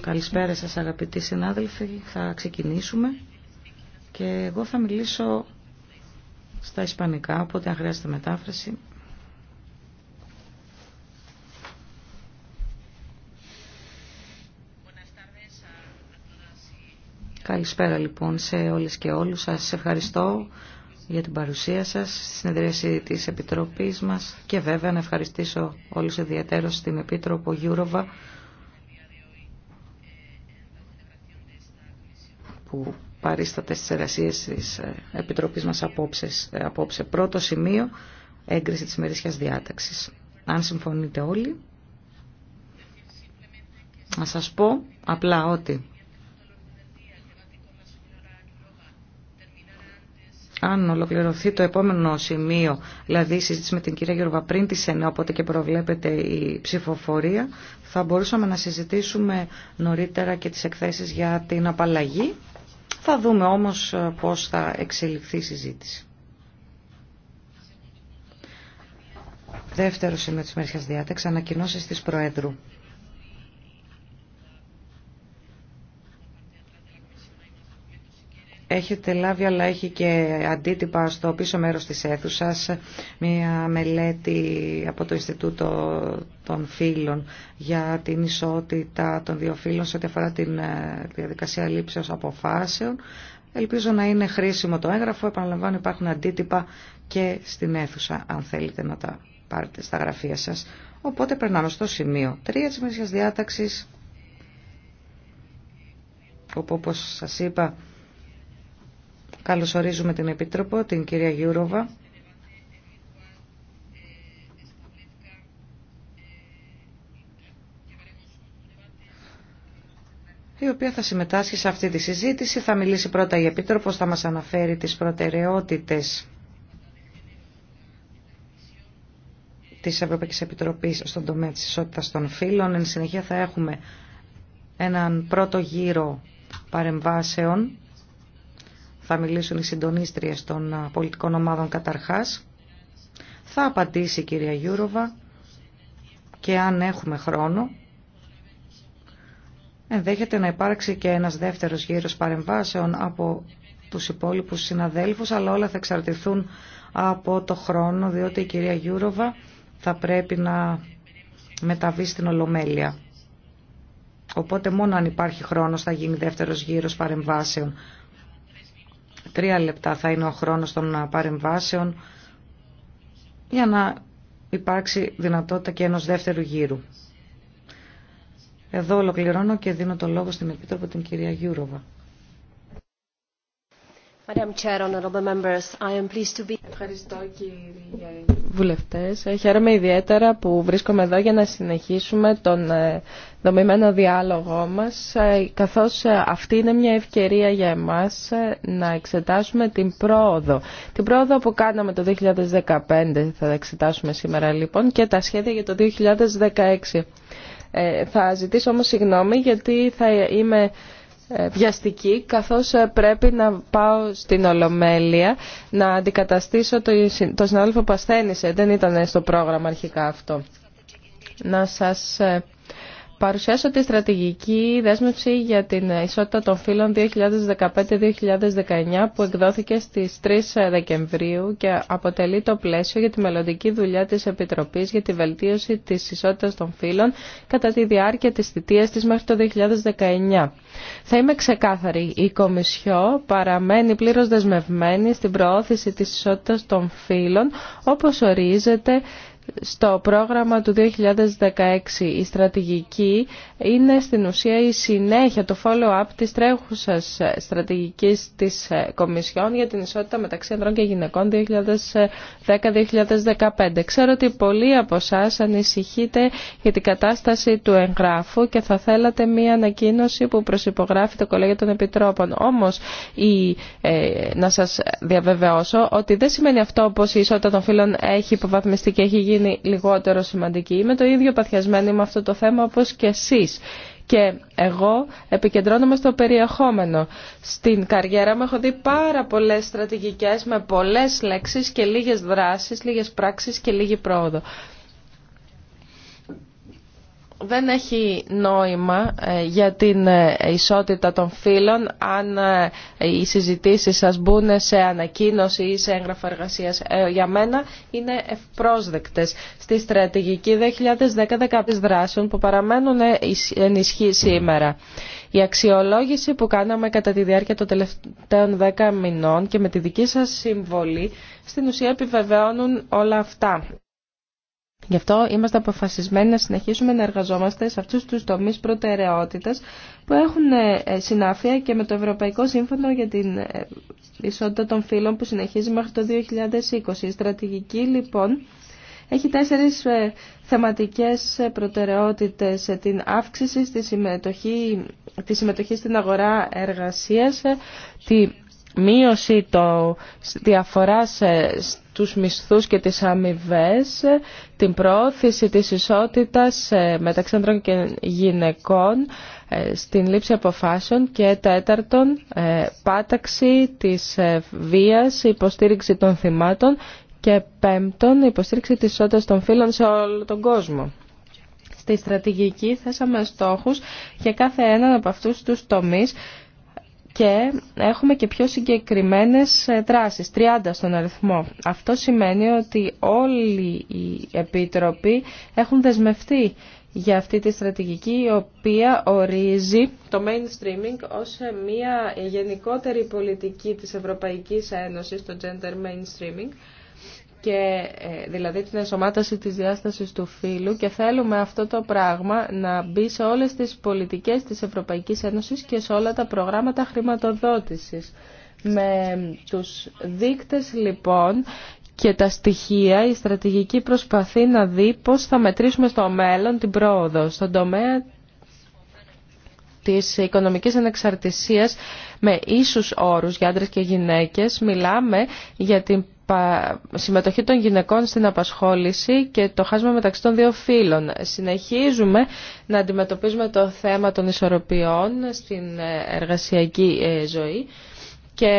Καλησπέρα σας αγαπητοί συνάδελφοι. Θα ξεκινήσουμε και εγώ θα μιλήσω στα ισπανικά, οπότε αν χρειάζεται μετάφραση. Καλησπέρα λοιπόν σε όλες και όλους. Σας ευχαριστώ για την παρουσία σας στη συνεδρίαση της Επιτροπής μας και βέβαια να ευχαριστήσω όλους ιδιαίτερω την Επίτροπο Γιούροβα που παρίσταται στι εργασίε της ε, Επιτροπής μας απόψε, ε, απόψε. Πρώτο σημείο, έγκριση της ημερήσιας διάταξης. Αν συμφωνείτε όλοι, να σας πω απλά ότι αν ολοκληρωθεί το επόμενο σημείο, δηλαδή η συζήτηση με την κυρία Γιώργα πριν τη ΣΕΝΕ, οπότε και προβλέπεται η ψηφοφορία, θα μπορούσαμε να συζητήσουμε νωρίτερα και τις εκθέσεις για την απαλλαγή. Θα δούμε όμως ε, πώς θα εξελιχθεί η συζήτηση. Δεύτερο σημείο της Μερσιάς Διάταξης, ανακοινώσεις της Προέδρου. έχετε λάβει αλλά έχει και αντίτυπα στο πίσω μέρος της αίθουσας μια μελέτη από το Ινστιτούτο των Φίλων για την ισότητα των δύο φίλων σε ό,τι αφορά την ε, διαδικασία λήψεως αποφάσεων. Ελπίζω να είναι χρήσιμο το έγγραφο. Επαναλαμβάνω υπάρχουν αντίτυπα και στην αίθουσα αν θέλετε να τα πάρετε στα γραφεία σας. Οπότε περνάμε στο σημείο 3 της διάταξης όπου όπως σας είπα Καλωσορίζουμε την Επίτροπο, την κυρία Γιούροβα. η οποία θα συμμετάσχει σε αυτή τη συζήτηση. Θα μιλήσει πρώτα η Επίτροπος, θα μας αναφέρει τις προτεραιότητες της Ευρωπαϊκής Επιτροπής στον τομέα της ισότητας των φύλων. Εν συνεχεία θα έχουμε έναν πρώτο γύρο παρεμβάσεων θα μιλήσουν οι συντονίστριες των πολιτικών ομάδων καταρχάς. Θα απαντήσει η κυρία Γιούροβα και αν έχουμε χρόνο ενδέχεται να υπάρξει και ένας δεύτερος γύρος παρεμβάσεων από τους υπόλοιπους συναδέλφους, αλλά όλα θα εξαρτηθούν από το χρόνο, διότι η κυρία Γιούροβα θα πρέπει να μεταβεί στην Ολομέλεια. Οπότε μόνο αν υπάρχει χρόνος θα γίνει δεύτερος γύρος παρεμβάσεων. Τρία λεπτά θα είναι ο χρόνος των παρεμβάσεων για να υπάρξει δυνατότητα και ενός δεύτερου γύρου. Εδώ ολοκληρώνω και δίνω το λόγο στην Επίτροπο την κυρία Γιούροβα. Ευχαριστώ κύριε βουλευτές. Χαίρομαι ιδιαίτερα που βρίσκομαι εδώ για να συνεχίσουμε τον ε, δομημένο διάλογό μας ε, καθώς ε, αυτή είναι μια ευκαιρία για εμάς να εξετάσουμε την πρόοδο. Την πρόοδο που κάναμε το 2015 θα εξετάσουμε σήμερα λοιπόν και τα σχέδια για το 2016. Θα ζητήσω όμως συγγνώμη γιατί θα είμαι ε, βιαστική καθώς ε, πρέπει να πάω στην Ολομέλεια να αντικαταστήσω το, το συνάδελφο που ασθένησε. Δεν ήταν στο πρόγραμμα αρχικά αυτό. Να σας ε, παρουσιάσω τη στρατηγική δέσμευση για την ισότητα των φύλων 2015-2019 που εκδόθηκε στις 3 Δεκεμβρίου και αποτελεί το πλαίσιο για τη μελλοντική δουλειά της Επιτροπής για τη βελτίωση της ισότητας των φύλων κατά τη διάρκεια της θητείας της μέχρι το 2019. Θα είμαι ξεκάθαρη, η Κομισιό παραμένει πλήρως δεσμευμένη στην προώθηση της ισότητας των φύλων όπως ορίζεται στο πρόγραμμα του 2016 η στρατηγική είναι στην ουσία η συνέχεια, το follow-up της τρέχουσας στρατηγικής της ε, Κομισιόν για την ισότητα μεταξύ ανδρών και γυναικών 2010-2015. Ξέρω ότι πολλοί από εσά ανησυχείτε για την κατάσταση του εγγράφου και θα θέλατε μία ανακοίνωση που προσυπογράφει το Κολέγιο των Επιτρόπων. Όμως, η, ε, να σας διαβεβαιώσω ότι δεν σημαίνει αυτό πως η ισότητα των φύλων έχει υποβαθμιστεί και έχει γίνει γίνει λιγότερο σημαντική. Είμαι το ίδιο παθιασμένη με αυτό το θέμα όπως και εσείς. Και εγώ επικεντρώνομαι στο περιεχόμενο. Στην καριέρα μου έχω δει πάρα πολλές στρατηγικές με πολλές λέξεις και λίγες δράσεις, λίγες πράξεις και λίγη πρόοδο δεν έχει νόημα ε, για την ε, ισότητα των φύλων αν ε, οι συζητήσεις σας μπουν σε ανακοίνωση ή σε έγγραφα εργασία. Για μένα είναι ευπρόσδεκτες στη στρατηγική 2010-2015 δράσεων που παραμένουν ενισχύ σήμερα. Η αξιολόγηση που κάναμε κατά τη διάρκεια των τελευταίων δέκα μηνών και με τη δική σας συμβολή στην ουσία επιβεβαιώνουν όλα αυτά. Γι' αυτό είμαστε αποφασισμένοι να συνεχίσουμε να εργαζόμαστε σε αυτούς τους τομείς προτεραιότητας που έχουν ε, ε, συνάφεια και με το Ευρωπαϊκό Σύμφωνο για την ε, Ισότητα των Φύλων που συνεχίζει μέχρι το 2020. Η στρατηγική λοιπόν έχει τέσσερις θεματικές προτεραιότητες. Την αύξηση στη συμμετοχή, τη συμμετοχή στην αγορά εργασίας, τη μείωση το διαφοράς τους μισθούς και τις αμοιβέ, την προώθηση της ισότητας ε, μεταξύ ανδρών και γυναικών ε, στην λήψη αποφάσεων και τέταρτον ε, πάταξη της βίας, υποστήριξη των θυμάτων και πέμπτον υποστήριξη της ισότητας των φίλων σε όλο τον κόσμο. Στη στρατηγική θέσαμε στόχους για κάθε έναν από αυτούς τους τομείς και έχουμε και πιο συγκεκριμένες ε, δράσεις, 30 στον αριθμό. Αυτό σημαίνει ότι όλοι οι επίτροποι έχουν δεσμευτεί για αυτή τη στρατηγική η οποία ορίζει το mainstreaming ως ε, μια γενικότερη πολιτική της Ευρωπαϊκής Ένωσης, το gender mainstreaming, και ε, δηλαδή την ενσωμάτωση της διάστασης του φύλου και θέλουμε αυτό το πράγμα να μπει σε όλες τις πολιτικές της Ευρωπαϊκής Ένωσης και σε όλα τα προγράμματα χρηματοδότησης. Με τους δείκτες λοιπόν και τα στοιχεία η στρατηγική προσπαθεί να δει πώς θα μετρήσουμε στο μέλλον την πρόοδο στον τομέα της οικονομικής ανεξαρτησίας με ίσους όρους για άντρες και γυναίκες μιλάμε για την συμμετοχή των γυναικών στην απασχόληση και το χάσμα μεταξύ των δύο φύλων. Συνεχίζουμε να αντιμετωπίζουμε το θέμα των ισορροπιών στην ε, εργασιακή ε, ζωή και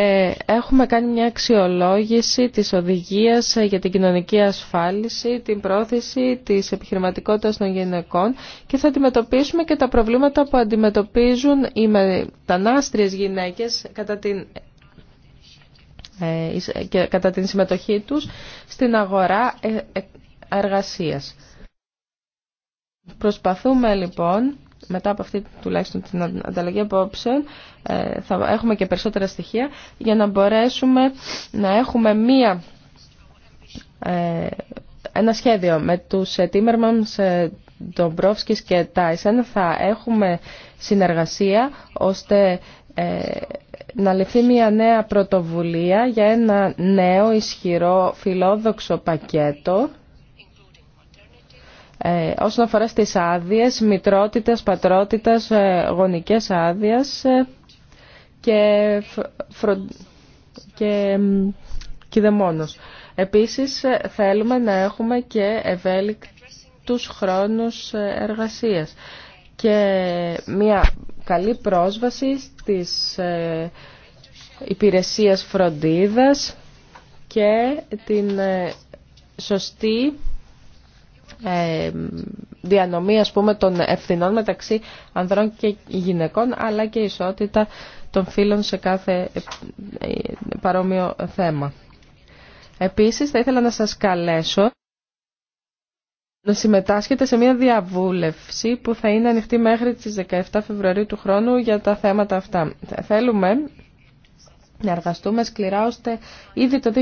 έχουμε κάνει μια αξιολόγηση της οδηγίας ε, για την κοινωνική ασφάλιση, την πρόθεση της επιχειρηματικότητας των γυναικών και θα αντιμετωπίσουμε και τα προβλήματα που αντιμετωπίζουν οι μετανάστριες γυναίκες κατά την ε, και κατά την συμμετοχή τους στην αγορά ε, ε, εργασίας. Προσπαθούμε λοιπόν, μετά από αυτή τουλάχιστον την ανταλλαγή απόψεων, θα έχουμε και περισσότερα στοιχεία για να μπορέσουμε να έχουμε μία, ένα σχέδιο με τους Τίμερμανς, τον και Τάισεν θα έχουμε συνεργασία ώστε ε, να ληφθεί μια νέα πρωτοβουλία για ένα νέο ισχυρό φιλόδοξο πακέτο ε, όσον αφορά στις άδειες μητρότητας, πατρότητας, ε, γονικές ε, και, φρο... και... κηδεμόνος. Επίσης θέλουμε να έχουμε και ευέλικτους χρόνους εργασίας και μια καλή πρόσβαση στις ε, υπηρεσίες φροντίδας και την ε, σωστή ε, διανομή ας πούμε, των ευθυνών μεταξύ ανδρών και γυναικών αλλά και ισότητα των φίλων σε κάθε παρόμοιο θέμα. Επίσης θα ήθελα να σας καλέσω να συμμετάσχετε σε μια διαβούλευση που θα είναι ανοιχτή μέχρι τις 17 Φεβρουαρίου του χρόνου για τα θέματα αυτά. Θέλουμε να εργαστούμε σκληρά ώστε ήδη το 2016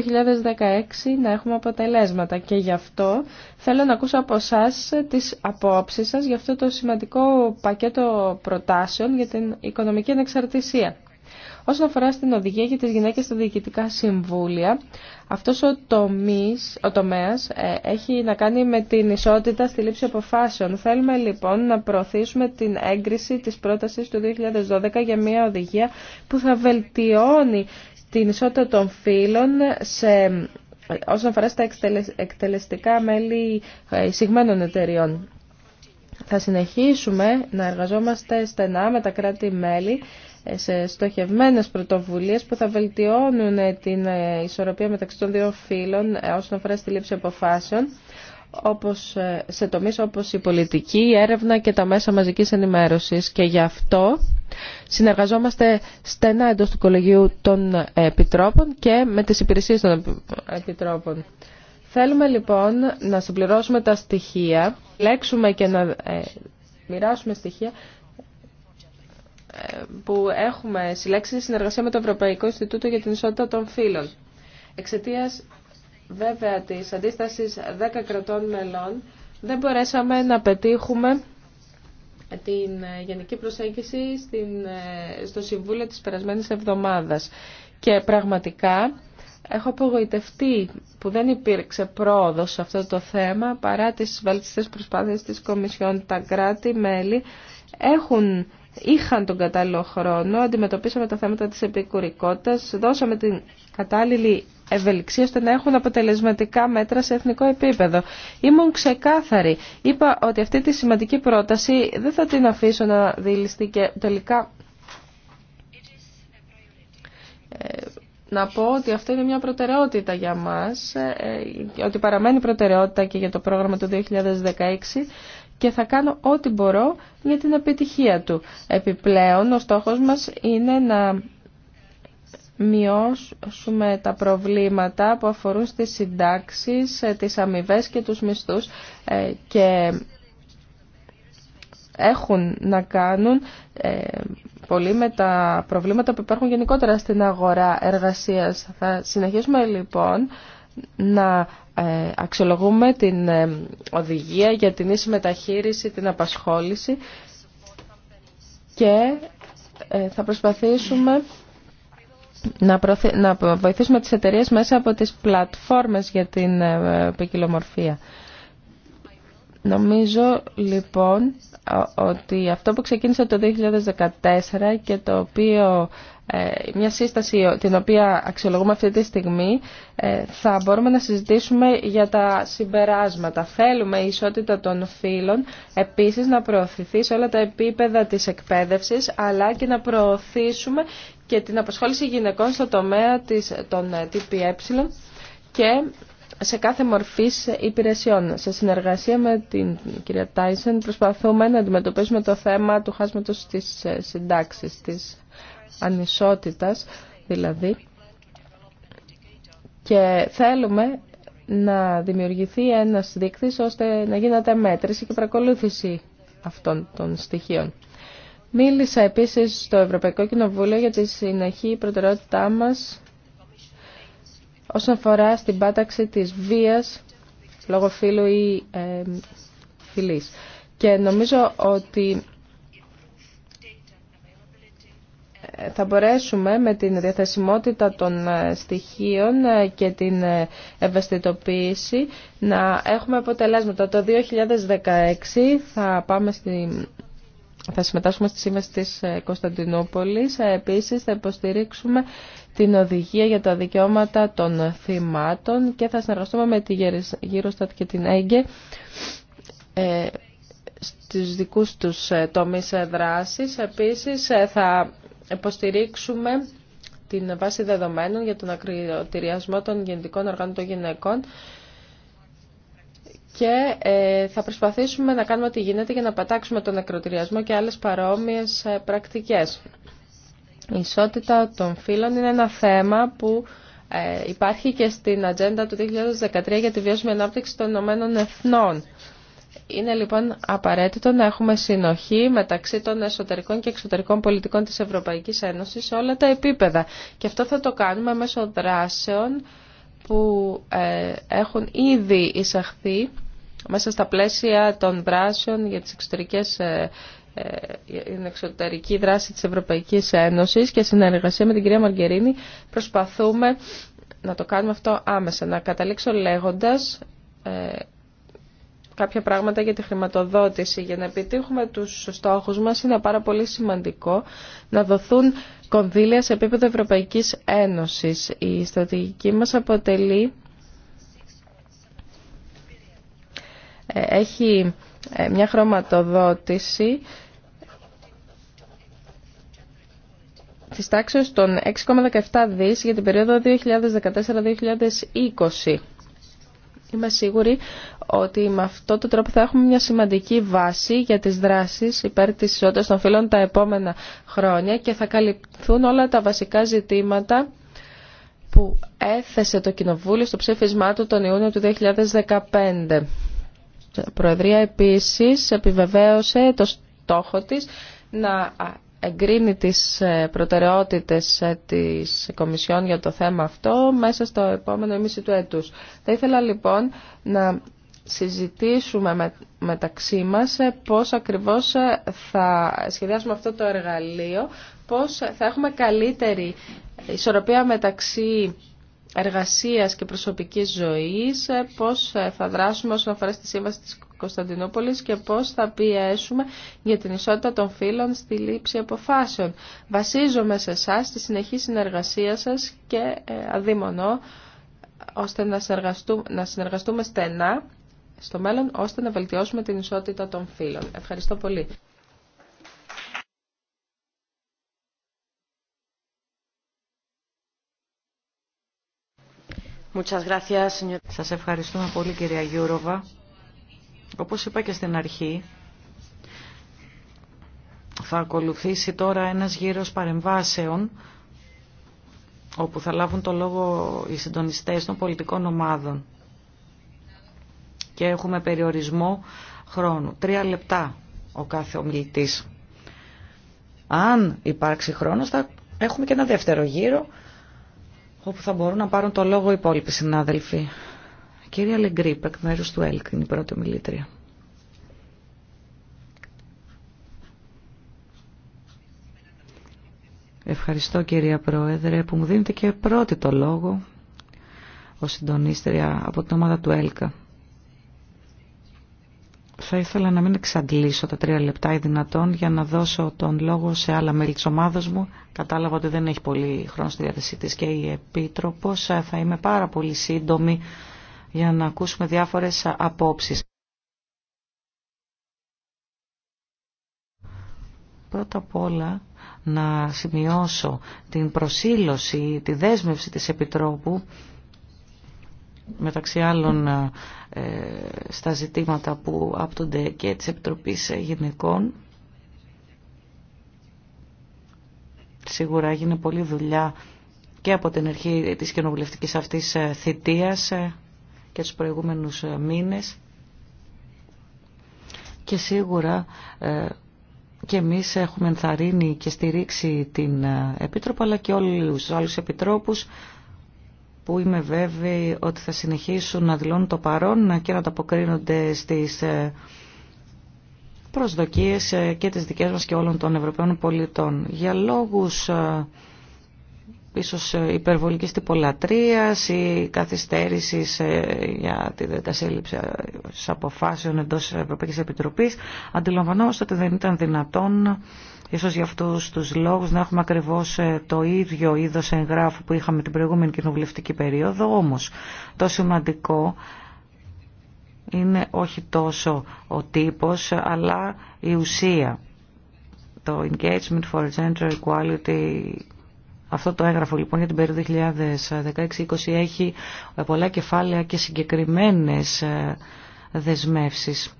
να έχουμε αποτελέσματα και γι' αυτό θέλω να ακούσω από εσά τις απόψεις σας για αυτό το σημαντικό πακέτο προτάσεων για την οικονομική ανεξαρτησία. Όσον αφορά στην οδηγία για τις γυναίκες στα διοικητικά συμβούλια, αυτός ο, τομής, ο τομέας ε, έχει να κάνει με την ισότητα στη λήψη αποφάσεων. Θέλουμε λοιπόν να προωθήσουμε την έγκριση της πρότασης του 2012 για μια οδηγία που θα βελτιώνει την ισότητα των φύλων σε, όσον αφορά στα εκτελεστικά μέλη ε, εισηγμένων εταιριών. Θα συνεχίσουμε να εργαζόμαστε στενά με τα κράτη-μέλη σε στοχευμένες πρωτοβουλίες που θα βελτιώνουν ε, την ε, ισορροπία μεταξύ των δύο φύλων ε, όσον αφορά στη λήψη αποφάσεων όπως, σε τομείς όπως η πολιτική, η έρευνα και τα μέσα μαζικής ενημέρωσης. Και γι' αυτό συνεργαζόμαστε στενά εντός του Κολεγίου των Επιτρόπων και με τις υπηρεσίες των Επιτρόπων. Θέλουμε λοιπόν να συμπληρώσουμε τα στοιχεία, λέξουμε και να μοιράσουμε στοιχεία που έχουμε συλλέξει σε συνεργασία με το Ευρωπαϊκό Ινστιτούτο για την Ισότητα των Φύλων. Εξαιτία βέβαια τη αντίσταση 10 κρατών μελών δεν μπορέσαμε να πετύχουμε την ε, γενική προσέγγιση ε, στο Συμβούλιο της περασμένης εβδομάδας. Και πραγματικά έχω απογοητευτεί που δεν υπήρξε πρόοδο σε αυτό το θέμα παρά τις βαλτιστές προσπάθειες της Κομισιόν. Τα κράτη-μέλη έχουν είχαν τον κατάλληλο χρόνο, αντιμετωπίσαμε τα θέματα της επικουρικότητας, δώσαμε την κατάλληλη ευελιξία ώστε να έχουν αποτελεσματικά μέτρα σε εθνικό επίπεδο. Ήμουν ξεκάθαρη. Είπα ότι αυτή τη σημαντική πρόταση δεν θα την αφήσω να δηληστεί και τελικά ε, να πω ότι αυτή είναι μια προτεραιότητα για μας, ε, ε, ότι παραμένει προτεραιότητα και για το πρόγραμμα του 2016 και θα κάνω ό,τι μπορώ για την επιτυχία του. Επιπλέον, ο στόχος μας είναι να μειώσουμε τα προβλήματα που αφορούν στις συντάξεις, ε, τις αμοιβέ και τους μισθούς ε, και έχουν να κάνουν ε, πολύ με τα προβλήματα που υπάρχουν γενικότερα στην αγορά εργασίας. Θα συνεχίσουμε λοιπόν να ε, αξιολογούμε την ε, οδηγία για την ίση μεταχείριση, την απασχόληση και ε, θα προσπαθήσουμε να βοηθήσουμε τις εταιρείες μέσα από τις πλατφόρμες για την ποικιλομορφία. Νομίζω λοιπόν ότι αυτό που ξεκίνησε το 2014 και το οποίο ε, μια σύσταση την οποία αξιολογούμε αυτή τη στιγμή ε, θα μπορούμε να συζητήσουμε για τα συμπεράσματα. Θέλουμε η ισότητα των φύλων επίσης να προωθηθεί σε όλα τα επίπεδα της εκπαίδευσης αλλά και να προωθήσουμε και την απασχόληση γυναικών στο τομέα της, των ε, ΤΠΕ και σε κάθε μορφή υπηρεσιών. Σε συνεργασία με την κυρία Τάισεν προσπαθούμε να αντιμετωπίσουμε το θέμα του χάσματος της συντάξης, της ανισότητας δηλαδή και θέλουμε να δημιουργηθεί ένας δείκτης ώστε να γίνεται μέτρηση και παρακολούθηση αυτών των στοιχείων. Μίλησα επίσης στο Ευρωπαϊκό Κοινοβούλιο για τη συνεχή προτεραιότητά μας όσον αφορά στην πάταξη της βίας λόγω φίλου ή ε, Και νομίζω ότι θα μπορέσουμε με την διαθεσιμότητα των ε, στοιχείων ε, και την ε, ευαισθητοποίηση να έχουμε αποτελέσματα. Το 2016 θα πάμε στη... Θα συμμετάσχουμε στη Σύμβαση της Κωνσταντινούπολης. Επίσης θα υποστηρίξουμε την οδηγία για τα δικαιώματα των θυμάτων και θα συνεργαστούμε με τη Γύρωστατ και την ΕΓΚΕ στους δικούς τους τομείς δράσης. Επίσης θα υποστηρίξουμε την βάση δεδομένων για τον ακροτηριασμό των γεννητικών οργάνων των γυναικών και ε, θα προσπαθήσουμε να κάνουμε ό,τι γίνεται για να πατάξουμε τον ακροτηριασμό και άλλες παρόμοιες ε, πρακτικές. Η ισότητα των φύλων είναι ένα θέμα που ε, υπάρχει και στην ατζέντα του 2013 για τη βιώσιμη ανάπτυξη των Ηνωμένων Εθνών. Είναι λοιπόν απαραίτητο να έχουμε συνοχή μεταξύ των εσωτερικών και εξωτερικών πολιτικών της Ευρωπαϊκής Ένωσης σε όλα τα επίπεδα. Και αυτό θα το κάνουμε μέσω δράσεων που ε, έχουν ήδη εισαχθεί μέσα στα πλαίσια των δράσεων για τις εξωτερικές ε, ε, την εξωτερική δράση της Ευρωπαϊκής Ένωσης και συνεργασία με την κυρία Μαργκερίνη προσπαθούμε να το κάνουμε αυτό άμεσα. Να καταλήξω λέγοντας κάποια πράγματα για τη χρηματοδότηση. Για να επιτύχουμε τους στόχους μας είναι πάρα πολύ σημαντικό να δοθούν κονδύλια σε επίπεδο Ευρωπαϊκής Ένωσης. Η στρατηγική μας αποτελεί... Ε, έχει ε, μια χρωματοδότηση της τάξης των 6,17 δις για την περίοδο 2014-2020. Είμαι σίγουρη ότι με αυτόν τον τρόπο θα έχουμε μια σημαντική βάση για τις δράσεις υπέρ της ισότητας των φύλων τα επόμενα χρόνια και θα καλυφθούν όλα τα βασικά ζητήματα που έθεσε το Κοινοβούλιο στο ψήφισμά του τον Ιούνιο του 2015. Η Προεδρία επίσης επιβεβαίωσε το στόχο της να εγκρίνει τις ε, προτεραιότητες ε, της Κομισιόν για το θέμα αυτό μέσα στο επόμενο ημίση του έτους. Θα ήθελα λοιπόν να συζητήσουμε μεταξύ μας ε, πώς ακριβώς θα σχεδιάσουμε αυτό το εργαλείο, πώς θα έχουμε καλύτερη ισορροπία μεταξύ εργασίας και προσωπικής ζωής, πώς θα δράσουμε όσον αφορά στη σύμβαση της και πώς θα πιέσουμε για την ισότητα των φύλων στη λήψη αποφάσεων. Βασίζομαι σε εσά στη συνεχή συνεργασία σας και ε, αδιμονό, ώστε να συνεργαστούμε, να συνεργαστούμε στενά στο μέλλον ώστε να βελτιώσουμε την ισότητα των φύλων. Ευχαριστώ πολύ. Σας ευχαριστούμε πολύ κυρία Γιούροβα. Όπως είπα και στην αρχή, θα ακολουθήσει τώρα ένας γύρος παρεμβάσεων όπου θα λάβουν το λόγο οι συντονιστές των πολιτικών ομάδων. Και έχουμε περιορισμό χρόνου. Τρία λεπτά ο κάθε ομιλητής. Αν υπάρξει χρόνος θα έχουμε και ένα δεύτερο γύρο όπου θα μπορούν να πάρουν το λόγο οι υπόλοιποι συνάδελφοι. Κυρία Λεγκρίπ, εκ μέρους του ΕΛΚ, είναι η πρώτη μιλήτρια. Ευχαριστώ κυρία Πρόεδρε που μου δίνετε και πρώτη το λόγο ως συντονίστρια από την ομάδα του ΕΛΚΑ. Θα ήθελα να μην εξαντλήσω τα τρία λεπτά ή δυνατόν για να δώσω τον λόγο σε άλλα μέλη της ομάδας μου. Κατάλαβα ότι δεν έχει πολύ χρόνο στη διάθεσή της και η Επίτροπος. Ε, θα είμαι πάρα πολύ σύντομη για να ακούσουμε διάφορες απόψεις. Πρώτα απ' όλα να σημειώσω την προσήλωση, τη δέσμευση της Επιτρόπου μεταξύ άλλων ε, στα ζητήματα που άπτονται και της Επιτροπής Γυναικών. Σίγουρα έγινε πολλή δουλειά και από την αρχή της κοινοβουλευτικής αυτής ε, θητείας ε, και τους προηγούμενους ε, μήνες και σίγουρα ε, και εμείς έχουμε ενθαρρύνει και στηρίξει την ε, Επίτροπο αλλά και όλους τους άλλους επιτρόπους που είμαι βέβαιη ότι θα συνεχίσουν να δηλώνουν το παρόν και να τα αποκρίνονται στις προσδοκίες και τις δικές μας και όλων των Ευρωπαίων πολιτών. Για λόγους ίσως ε, υπερβολικής τυπολατρείας ή καθυστέρηση ε, για τη διαδικασία λήψη ε, αποφάσεων εντός Ευρωπαϊκής Επιτροπής. Αντιλαμβανόμαστε ότι δεν ήταν δυνατόν Ίσως για αυτούς τους λόγους να έχουμε ακριβώς το ίδιο είδος εγγράφου που είχαμε την προηγούμενη κοινοβουλευτική περίοδο. Όμως το σημαντικό είναι όχι τόσο ο τύπος αλλά η ουσία. Το Engagement for Gender Equality αυτό το έγγραφο λοιπόν για την περίοδο 2016-2020 έχει ε, πολλά κεφάλαια και συγκεκριμένες ε, δεσμεύσεις.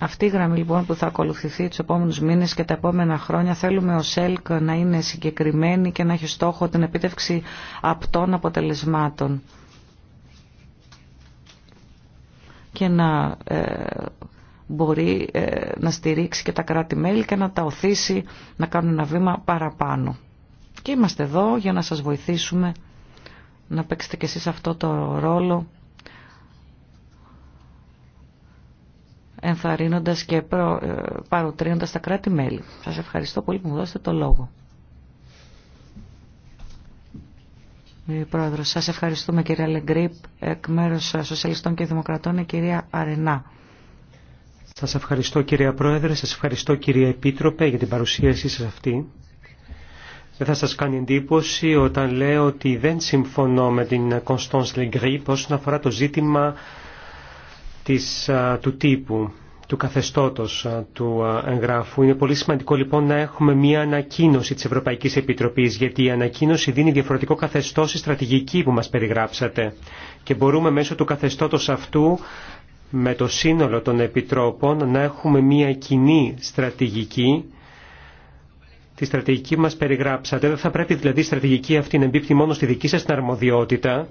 Αυτή η γραμμή λοιπόν που θα ακολουθηθεί τους επόμενους μήνες και τα επόμενα χρόνια θέλουμε ο ΣΕΛΚ να είναι συγκεκριμένη και να έχει στόχο την επίτευξη απτών αποτελεσμάτων και να ε, μπορεί ε, να στηρίξει και τα κράτη-μέλη και να τα οθήσει να κάνουν ένα βήμα παραπάνω. Και είμαστε εδώ για να σας βοηθήσουμε να παίξετε κι εσείς αυτό το ρόλο ενθαρρύνοντας και προ, ε, παροτρύνοντας τα κράτη-μέλη. Σας ευχαριστώ πολύ που μου δώσετε το λόγο. Η ε, Πρόεδρος, σας ευχαριστούμε κυρία Λεγκρίπ, εκ μέρους Σοσιαλιστών και Δημοκρατών, η κυρία Αρενά. Σας ευχαριστώ κυρία Πρόεδρε, σας ευχαριστώ κυρία Επίτροπε για την παρουσίασή σας αυτή. Δεν θα σας κάνει εντύπωση όταν λέω ότι δεν συμφωνώ με την Constance Legri όσον αφορά το ζήτημα της, του τύπου του καθεστώτος του εγγράφου. Είναι πολύ σημαντικό λοιπόν να έχουμε μια ανακοίνωση της Ευρωπαϊκής Επιτροπής, γιατί η ανακοίνωση δίνει διαφορετικό καθεστώς στη στρατηγική που μας περιγράψατε. Και μπορούμε μέσω του καθεστώτος αυτού με το σύνολο των επιτρόπων να έχουμε μια κοινή στρατηγική. Τη στρατηγική μας περιγράψατε. Δεν θα πρέπει δηλαδή η στρατηγική αυτή να εμπίπτει μόνο στη δική σας αρμοδιότητα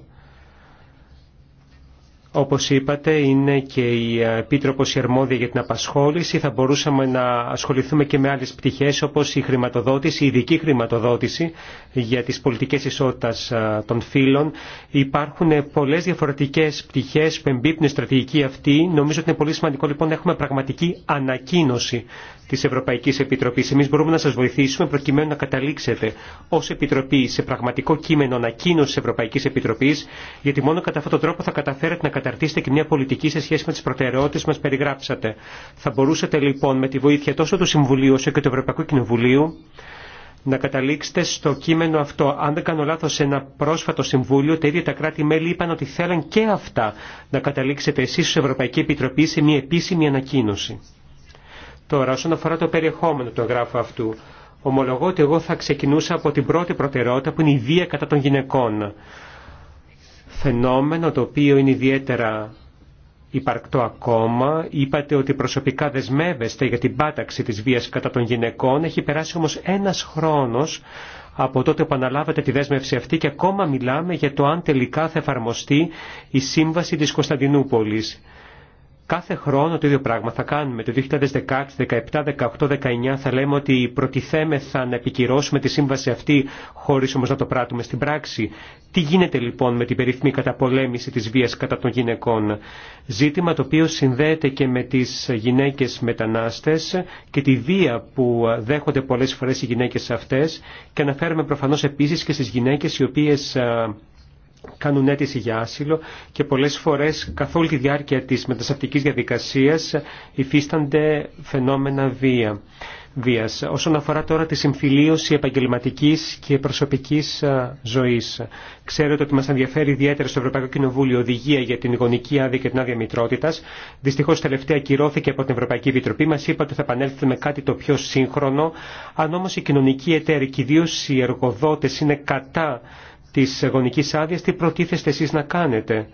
όπως είπατε, είναι και η Επίτροπος η για την απασχόληση. Θα μπορούσαμε να ασχοληθούμε και με άλλες πτυχές, όπως η χρηματοδότηση, η ειδική χρηματοδότηση για τις πολιτικές ισότητας των φύλων. Υπάρχουν πολλές διαφορετικές πτυχές που εμπίπτουν η στρατηγική αυτή. Νομίζω ότι είναι πολύ σημαντικό λοιπόν να έχουμε πραγματική ανακοίνωση της Ευρωπαϊκής Επιτροπής. Εμείς μπορούμε να σας βοηθήσουμε προκειμένου να καταλήξετε ως Επιτροπή σε πραγματικό κείμενο ανακοίνωση της Ευρωπαϊκής Επιτροπής, γιατί μόνο κατά αυτόν τον τρόπο θα καταφέρετε να καταρτήσετε και μια πολιτική σε σχέση με τις προτεραιότητες που μας περιγράψατε. Θα μπορούσατε λοιπόν με τη βοήθεια τόσο του Συμβουλίου όσο και του Ευρωπαϊκού Κοινοβουλίου να καταλήξετε στο κείμενο αυτό. Αν δεν κάνω λάθος, σε ένα πρόσφατο συμβούλιο τα ίδια τα κράτη-μέλη είπαν ότι θέλαν και αυτά να καταλήξετε εσείς ως Ευρωπαϊκή Επιτροπή σε μια επίσημη ανακοίνωση. Τώρα, όσον αφορά το περιεχόμενο του εγγράφου αυτού, ομολογώ ότι εγώ θα ξεκινούσα από την πρώτη προτεραιότητα που είναι η βία κατά των γυναικών. Φαινόμενο το οποίο είναι ιδιαίτερα υπαρκτό ακόμα. Είπατε ότι προσωπικά δεσμεύεστε για την πάταξη της βίας κατά των γυναικών. Έχει περάσει όμως ένας χρόνος από τότε που αναλάβατε τη δέσμευση αυτή και ακόμα μιλάμε για το αν τελικά θα εφαρμοστεί η σύμβαση της Κωνσταντινούπολης. Κάθε χρόνο το ίδιο πράγμα θα κάνουμε. Το 2016, 2017, 2018, 2019 θα λέμε ότι προτιθέμεθα να επικυρώσουμε τη σύμβαση αυτή χωρίς όμως να το πράττουμε στην πράξη. Τι γίνεται λοιπόν με την περίφημη καταπολέμηση της βίας κατά των γυναικών. Ζήτημα το οποίο συνδέεται και με τις γυναίκες μετανάστες και τη βία που δέχονται πολλές φορές οι γυναίκες αυτές και αναφέρομαι προφανώς επίσης και στις γυναίκες οι οποίες κάνουν αίτηση για άσυλο και πολλές φορές καθ' όλη τη διάρκεια της μεταστατικής διαδικασίας υφίστανται φαινόμενα βία. Βίας. Όσον αφορά τώρα τη συμφιλίωση επαγγελματικής και προσωπικής ε, ζωής. Ξέρετε ότι μας ενδιαφέρει ιδιαίτερα στο Ευρωπαϊκό Κοινοβούλιο οδηγία για την γονική άδεια και την άδεια μητρότητας. Δυστυχώς τελευταία κυρώθηκε από την Ευρωπαϊκή Επιτροπή. Μας είπα ότι θα επανέλθετε με κάτι το πιο σύγχρονο. Αν όμως οι κοινωνικοί εταίροι και ιδίω οι εργοδότε είναι κατά της γονικής άδειας, τι προτίθεστε εσείς να κάνετε.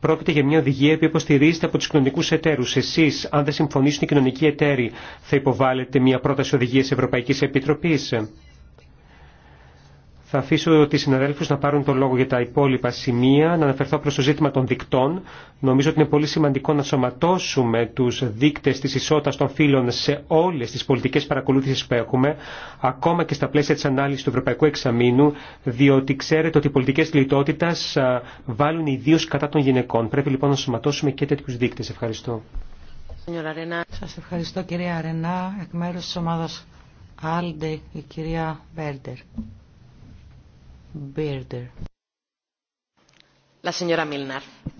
Πρόκειται για μια οδηγία που υποστηρίζεται από του κοινωνικού εταίρου. Εσεί, αν δεν συμφωνήσουν οι κοινωνικοί εταίροι, θα υποβάλλετε μια πρόταση οδηγία Ευρωπαϊκή Επιτροπή. Θα αφήσω τι συναδέλφου να πάρουν το λόγο για τα υπόλοιπα σημεία. Να αναφερθώ προς το ζήτημα των δικτών. Νομίζω ότι είναι πολύ σημαντικό να σωματώσουμε του δείκτε τη ισότητα των φύλων σε όλε τι πολιτικέ παρακολούθησει που έχουμε, ακόμα και στα πλαίσια τη ανάλυση του Ευρωπαϊκού Εξαμήνου, διότι ξέρετε ότι οι πολιτικέ λιτότητα βάλουν ιδίω κατά των γυναικών. Πρέπει λοιπόν να σωματώσουμε και τέτοιου δείκτε. Ευχαριστώ. Σα ευχαριστώ κυρία Αρενά, εκ μέρου τη ομάδα Άλντε, η κυρία Μπέρντερ.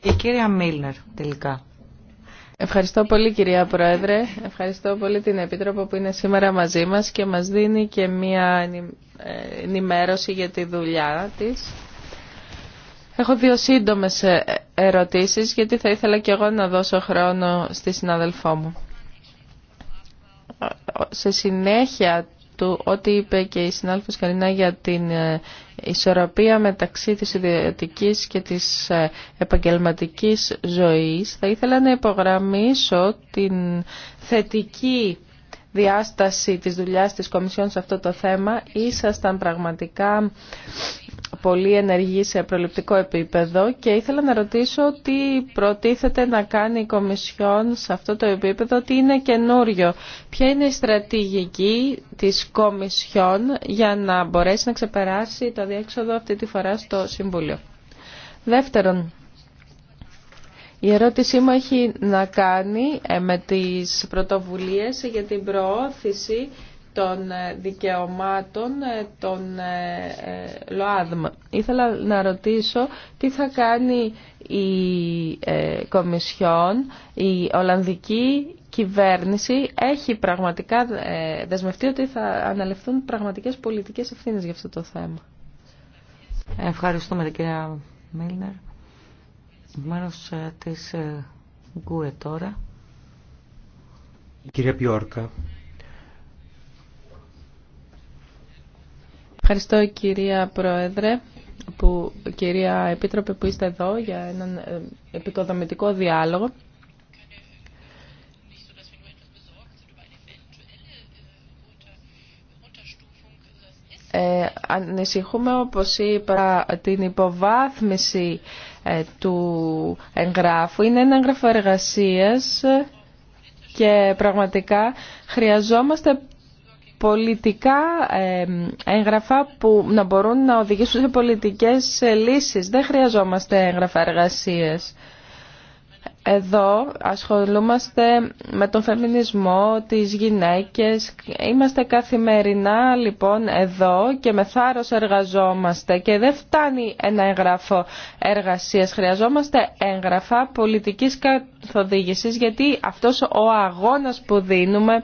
Η κυρία Ευχαριστώ πολύ κυρία Πρόεδρε, ευχαριστώ πολύ την Επίτροπο που είναι σήμερα μαζί μας και μας δίνει και μία ε, ενημέρωση για τη δουλειά της. Έχω δύο σύντομες ε, ερωτήσεις γιατί θα ήθελα και εγώ να δώσω χρόνο στη συναδελφό μου. Ε, σε συνέχεια του ό,τι είπε και η συνάδελφος Καρίνα για την ισορροπία μεταξύ της ιδιωτικής και της ε, επαγγελματικής ζωής, θα ήθελα να υπογραμμίσω την θετική διάσταση της δουλειάς της Κομισιόν σε αυτό το θέμα. Ήσασταν πραγματικά πολύ ενεργή σε προληπτικό επίπεδο και ήθελα να ρωτήσω τι προτίθεται να κάνει η Κομισιόν σε αυτό το επίπεδο, τι είναι καινούριο. Ποια είναι η στρατηγική της Κομισιόν για να μπορέσει να ξεπεράσει το διέξοδο αυτή τη φορά στο Συμβούλιο. Δεύτερον, η ερώτησή μου έχει να κάνει ε, με τις πρωτοβουλίες για την προώθηση των ε, δικαιωμάτων ε, των ε, ΛΟΑΔΜ. Ήθελα να ρωτήσω τι θα κάνει η Κομισιόν, η Ολλανδική κυβέρνηση έχει πραγματικά δεσμευτεί ότι θα αναλευθούν πραγματικές πολιτικές ευθύνες για αυτό το θέμα. Ευχαριστούμε κυρία Μίλνερ. Μέρος της Γκουε τώρα. Η κυρία Πιόρκα. Ευχαριστώ κυρία Πρόεδρε, που, κυρία Επίτροπε που είστε εδώ για έναν ε, επικοδομητικό διάλογο. Ε, ανησυχούμε όπως είπα την υποβάθμιση ε, του εγγράφου. Είναι ένα εγγραφό εργασίας και πραγματικά χρειαζόμαστε πολιτικά ε, έγγραφα που να μπορούν να οδηγήσουν σε πολιτικές ε, λύσεις. Δεν χρειαζόμαστε έγγραφα εργασίες. Εδώ ασχολούμαστε με τον φεμινισμό, τις γυναίκες. Είμαστε καθημερινά λοιπόν εδώ και με θάρρος εργαζόμαστε και δεν φτάνει ένα εγγραφό εργασίας. Χρειαζόμαστε έγγραφα πολιτικής καθοδήγησης γιατί αυτός ο αγώνας που δίνουμε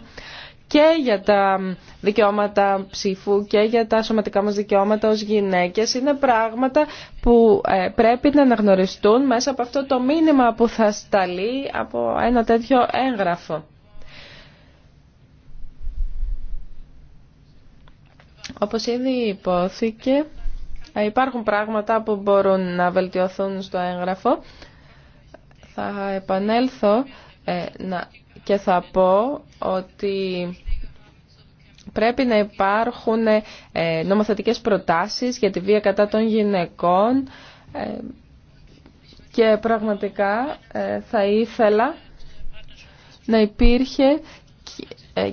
και για τα δικαιώματα ψήφου και για τα σωματικά μας δικαιώματα ως γυναίκες είναι πράγματα που ε, πρέπει να αναγνωριστούν μέσα από αυτό το μήνυμα που θα σταλεί από ένα τέτοιο έγγραφο. Όπως ήδη υπόθηκε, υπάρχουν πράγματα που μπορούν να βελτιωθούν στο έγγραφο. Θα επανέλθω ε, να και θα πω ότι πρέπει να υπάρχουν ε, νομοθετικές προτάσεις για τη βία κατά των γυναικών ε, και πραγματικά ε, θα ήθελα να υπήρχε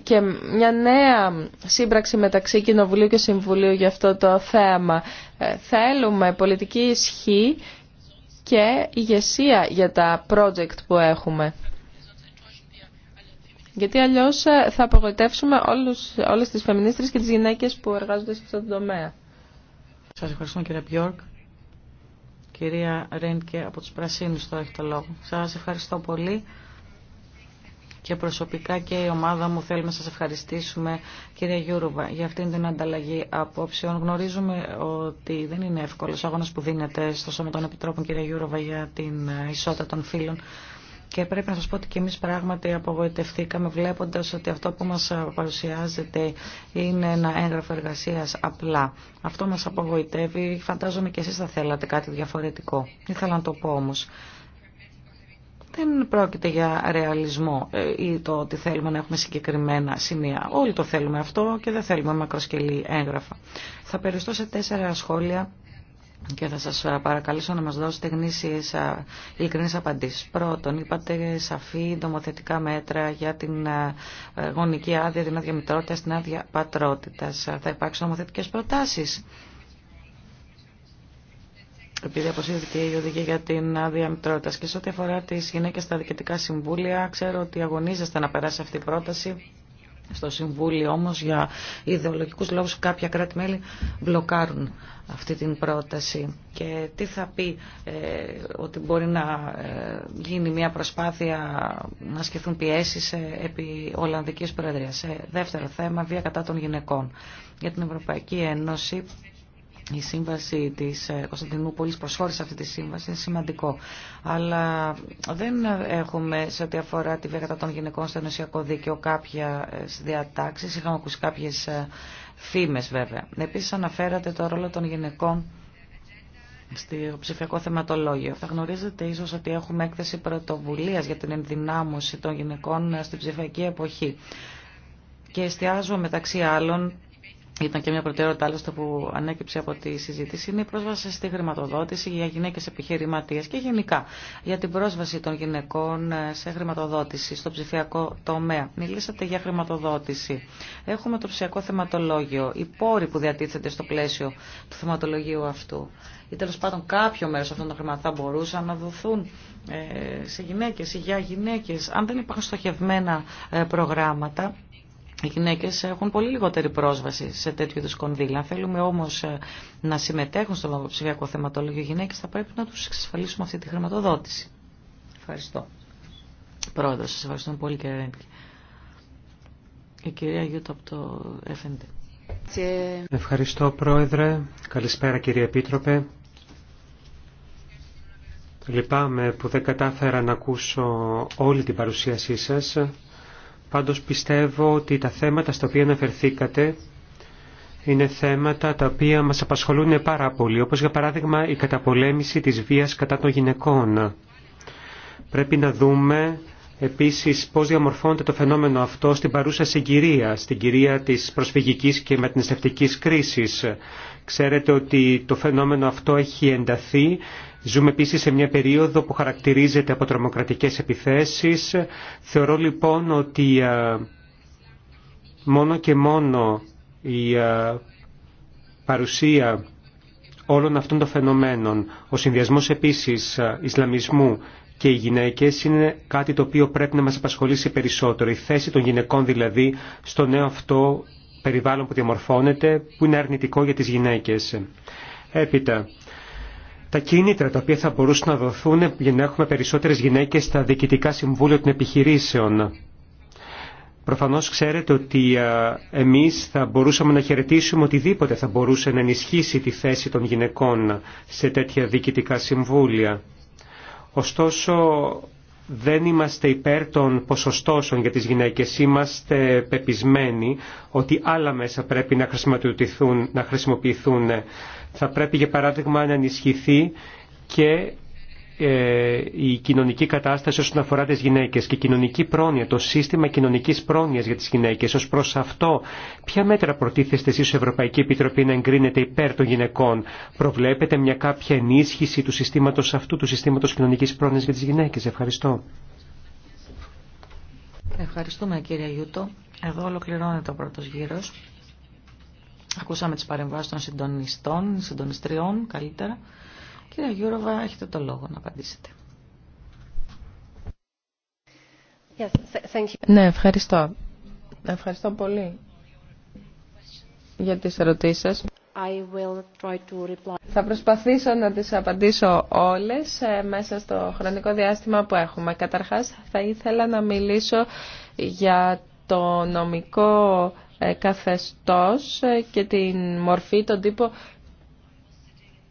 και μια νέα σύμπραξη μεταξύ Κοινοβουλίου και Συμβουλίου για αυτό το θέμα. Θέλουμε πολιτική ισχύ και ηγεσία για τα project που έχουμε. Γιατί αλλιώ ε, θα απογοητεύσουμε όλους, όλες τις φεμινίστρες και τις γυναίκες που εργάζονται σε αυτό το τομέα. Σας ευχαριστώ κύριε Πιόρκ. Κυρία Ρέντκε από τους Πρασίνους τώρα έχει το λόγο. Σας ευχαριστώ πολύ και προσωπικά και η ομάδα μου θέλουμε να σας ευχαριστήσουμε κυρία Γιούρουβα για αυτήν την ανταλλαγή απόψεων. Γνωρίζουμε ότι δεν είναι εύκολος ο αγώνας που δίνεται στο Σώμα των Επιτρόπων κυρία Γιούρουβα για την ε, ισότητα των φίλων. Και πρέπει να σας πω ότι και εμείς πράγματι απογοητευθήκαμε βλέποντας ότι αυτό που μας παρουσιάζεται είναι ένα έγγραφο εργασίας απλά. Αυτό μας απογοητεύει. Φαντάζομαι και εσείς θα θέλατε κάτι διαφορετικό. Ήθελα να το πω όμως. Δεν πρόκειται για ρεαλισμό ε, ή το ότι θέλουμε να έχουμε συγκεκριμένα σημεία. Όλοι το θέλουμε αυτό και δεν θέλουμε μακροσκελή έγγραφα. Θα περιστώ σε τέσσερα σχόλια και θα σας παρακαλέσω να μας δώσετε γνήσιες ειλικρινές απαντήσεις. Πρώτον, είπατε σαφή νομοθετικά μέτρα για την γονική άδεια, την άδεια μητρότητα, την άδεια πατρότητα. Θα υπάρξουν νομοθετικές προτάσεις. Επειδή αποσύρθηκε η οδηγία για την άδεια μητρότητας και σε ό,τι αφορά τις γυναίκες στα διοικητικά συμβούλια, ξέρω ότι αγωνίζεστε να περάσει αυτή η πρόταση στο Συμβούλιο όμως για ιδεολογικούς λόγους κάποια κράτη-μέλη μπλοκάρουν αυτή την πρόταση. Και τι θα πει ε, ότι μπορεί να ε, γίνει μια προσπάθεια να σκεφτούν πιέσεις ε, επί Ολλανδικής Προεδρίας. δεύτερο θέμα, βία κατά των γυναικών. Για την Ευρωπαϊκή Ένωση η σύμβαση της ε, Κωνσταντινούπολης προσχώρησε αυτή τη σύμβαση, είναι σημαντικό. Αλλά δεν έχουμε σε ό,τι αφορά τη βία των γυναικών στο ενωσιακό δίκαιο κάποια ε, διατάξεις. Είχαμε ακούσει κάποιες ε, φήμες βέβαια. Επίσης αναφέρατε το ρόλο των γυναικών στο ψηφιακό θεματολόγιο. Θα γνωρίζετε ίσως ότι έχουμε έκθεση πρωτοβουλία για την ενδυνάμωση των γυναικών στην ψηφιακή εποχή. Και εστιάζω μεταξύ άλλων ήταν και μια προτεραιότητα άλλωστε που ανέκυψε από τη συζήτηση, είναι η πρόσβαση στη χρηματοδότηση για γυναίκες επιχειρηματίες και γενικά για την πρόσβαση των γυναικών ε, σε χρηματοδότηση στο ψηφιακό τομέα. Μιλήσατε για χρηματοδότηση. Έχουμε το ψηφιακό θεματολόγιο, οι πόροι που διατίθεται στο πλαίσιο του θεματολογίου αυτού ή τέλο πάντων κάποιο μέρο αυτών των χρημάτων θα μπορούσαν να δοθούν ε, σε γυναίκε ή για γυναίκε. Αν δεν υπάρχουν στοχευμένα ε, προγράμματα, οι γυναίκε έχουν πολύ λιγότερη πρόσβαση σε τέτοιου είδου κονδύλια. Αν θέλουμε όμω ε, να συμμετέχουν στο λογοψηφιακό θεματολόγιο οι γυναίκε, θα πρέπει να του εξασφαλίσουμε αυτή τη χρηματοδότηση. Ευχαριστώ. Πρόεδρο, σα ευχαριστώ πολύ κύριε Ρέντκη. Η κυρία Γιούτα από το FND. Ευχαριστώ πρόεδρε. Καλησπέρα κύριε Επίτροπε. Λυπάμαι που δεν κατάφερα να ακούσω όλη την παρουσίασή σας. Πάντως πιστεύω ότι τα θέματα στα οποία αναφερθήκατε είναι θέματα τα οποία μας απασχολούν πάρα πολύ, όπως για παράδειγμα η καταπολέμηση της βίας κατά των γυναικών. Πρέπει να δούμε επίσης πώς διαμορφώνεται το φαινόμενο αυτό στην παρούσα συγκυρία, στην κυρία της προσφυγικής και μεταναστευτικής κρίσης. Ξέρετε ότι το φαινόμενο αυτό έχει ενταθεί Ζούμε επίση σε μια περίοδο που χαρακτηρίζεται από τρομοκρατικέ επιθέσεις. Θεωρώ λοιπόν ότι ε, μόνο και μόνο η ε, παρουσία όλων αυτών των φαινομένων, ο συνδυασμός επίσης ε, Ισλαμισμού και οι γυναίκε είναι κάτι το οποίο πρέπει να μα απασχολήσει περισσότερο. Η θέση των γυναικών δηλαδή στο νέο αυτό περιβάλλον που διαμορφώνεται, που είναι αρνητικό για τις γυναίκες. Έπειτα, τα κίνητρα τα οποία θα μπορούσαν να δοθούν για να έχουμε περισσότερες γυναίκες στα διοικητικά συμβούλια των επιχειρήσεων. Προφανώς ξέρετε ότι εμείς θα μπορούσαμε να χαιρετήσουμε οτιδήποτε θα μπορούσε να ενισχύσει τη θέση των γυναικών σε τέτοια διοικητικά συμβούλια. Ωστόσο, δεν είμαστε υπέρ των ποσοστώσεων για τις γυναίκες. Είμαστε πεπισμένοι ότι άλλα μέσα πρέπει να χρησιμοποιηθούν. Να χρησιμοποιηθούν. Θα πρέπει για παράδειγμα να ενισχυθεί και ε, η κοινωνική κατάσταση όσον αφορά τις γυναίκες και η κοινωνική πρόνοια, το σύστημα κοινωνικής πρόνοιας για τις γυναίκες. Ως προς αυτό, ποια μέτρα προτίθεστε εσείς η Ευρωπαϊκή Επιτροπή να εγκρίνετε υπέρ των γυναικών. Προβλέπετε μια κάποια ενίσχυση του συστήματος αυτού, του συστήματος κοινωνικής πρόνοιας για τις γυναίκες. Ευχαριστώ. Ευχαριστούμε κύριε Γιούτο. Εδώ ολοκληρώνεται ο πρώτος γύρος. Ακούσαμε τις παρεμβάσεις των συντονιστών, συντονιστριών καλύτερα. Κύριε Γιούροβα, έχετε το λόγο να απαντήσετε. Yes, thank you. Ναι, ευχαριστώ. Ευχαριστώ πολύ για τις ερωτήσεις σας. I will try to reply. Θα προσπαθήσω να τις απαντήσω όλες ε, μέσα στο χρονικό διάστημα που έχουμε. Καταρχάς θα ήθελα να μιλήσω για το νομικό ε, καθεστώς ε, και την μορφή, τον τύπο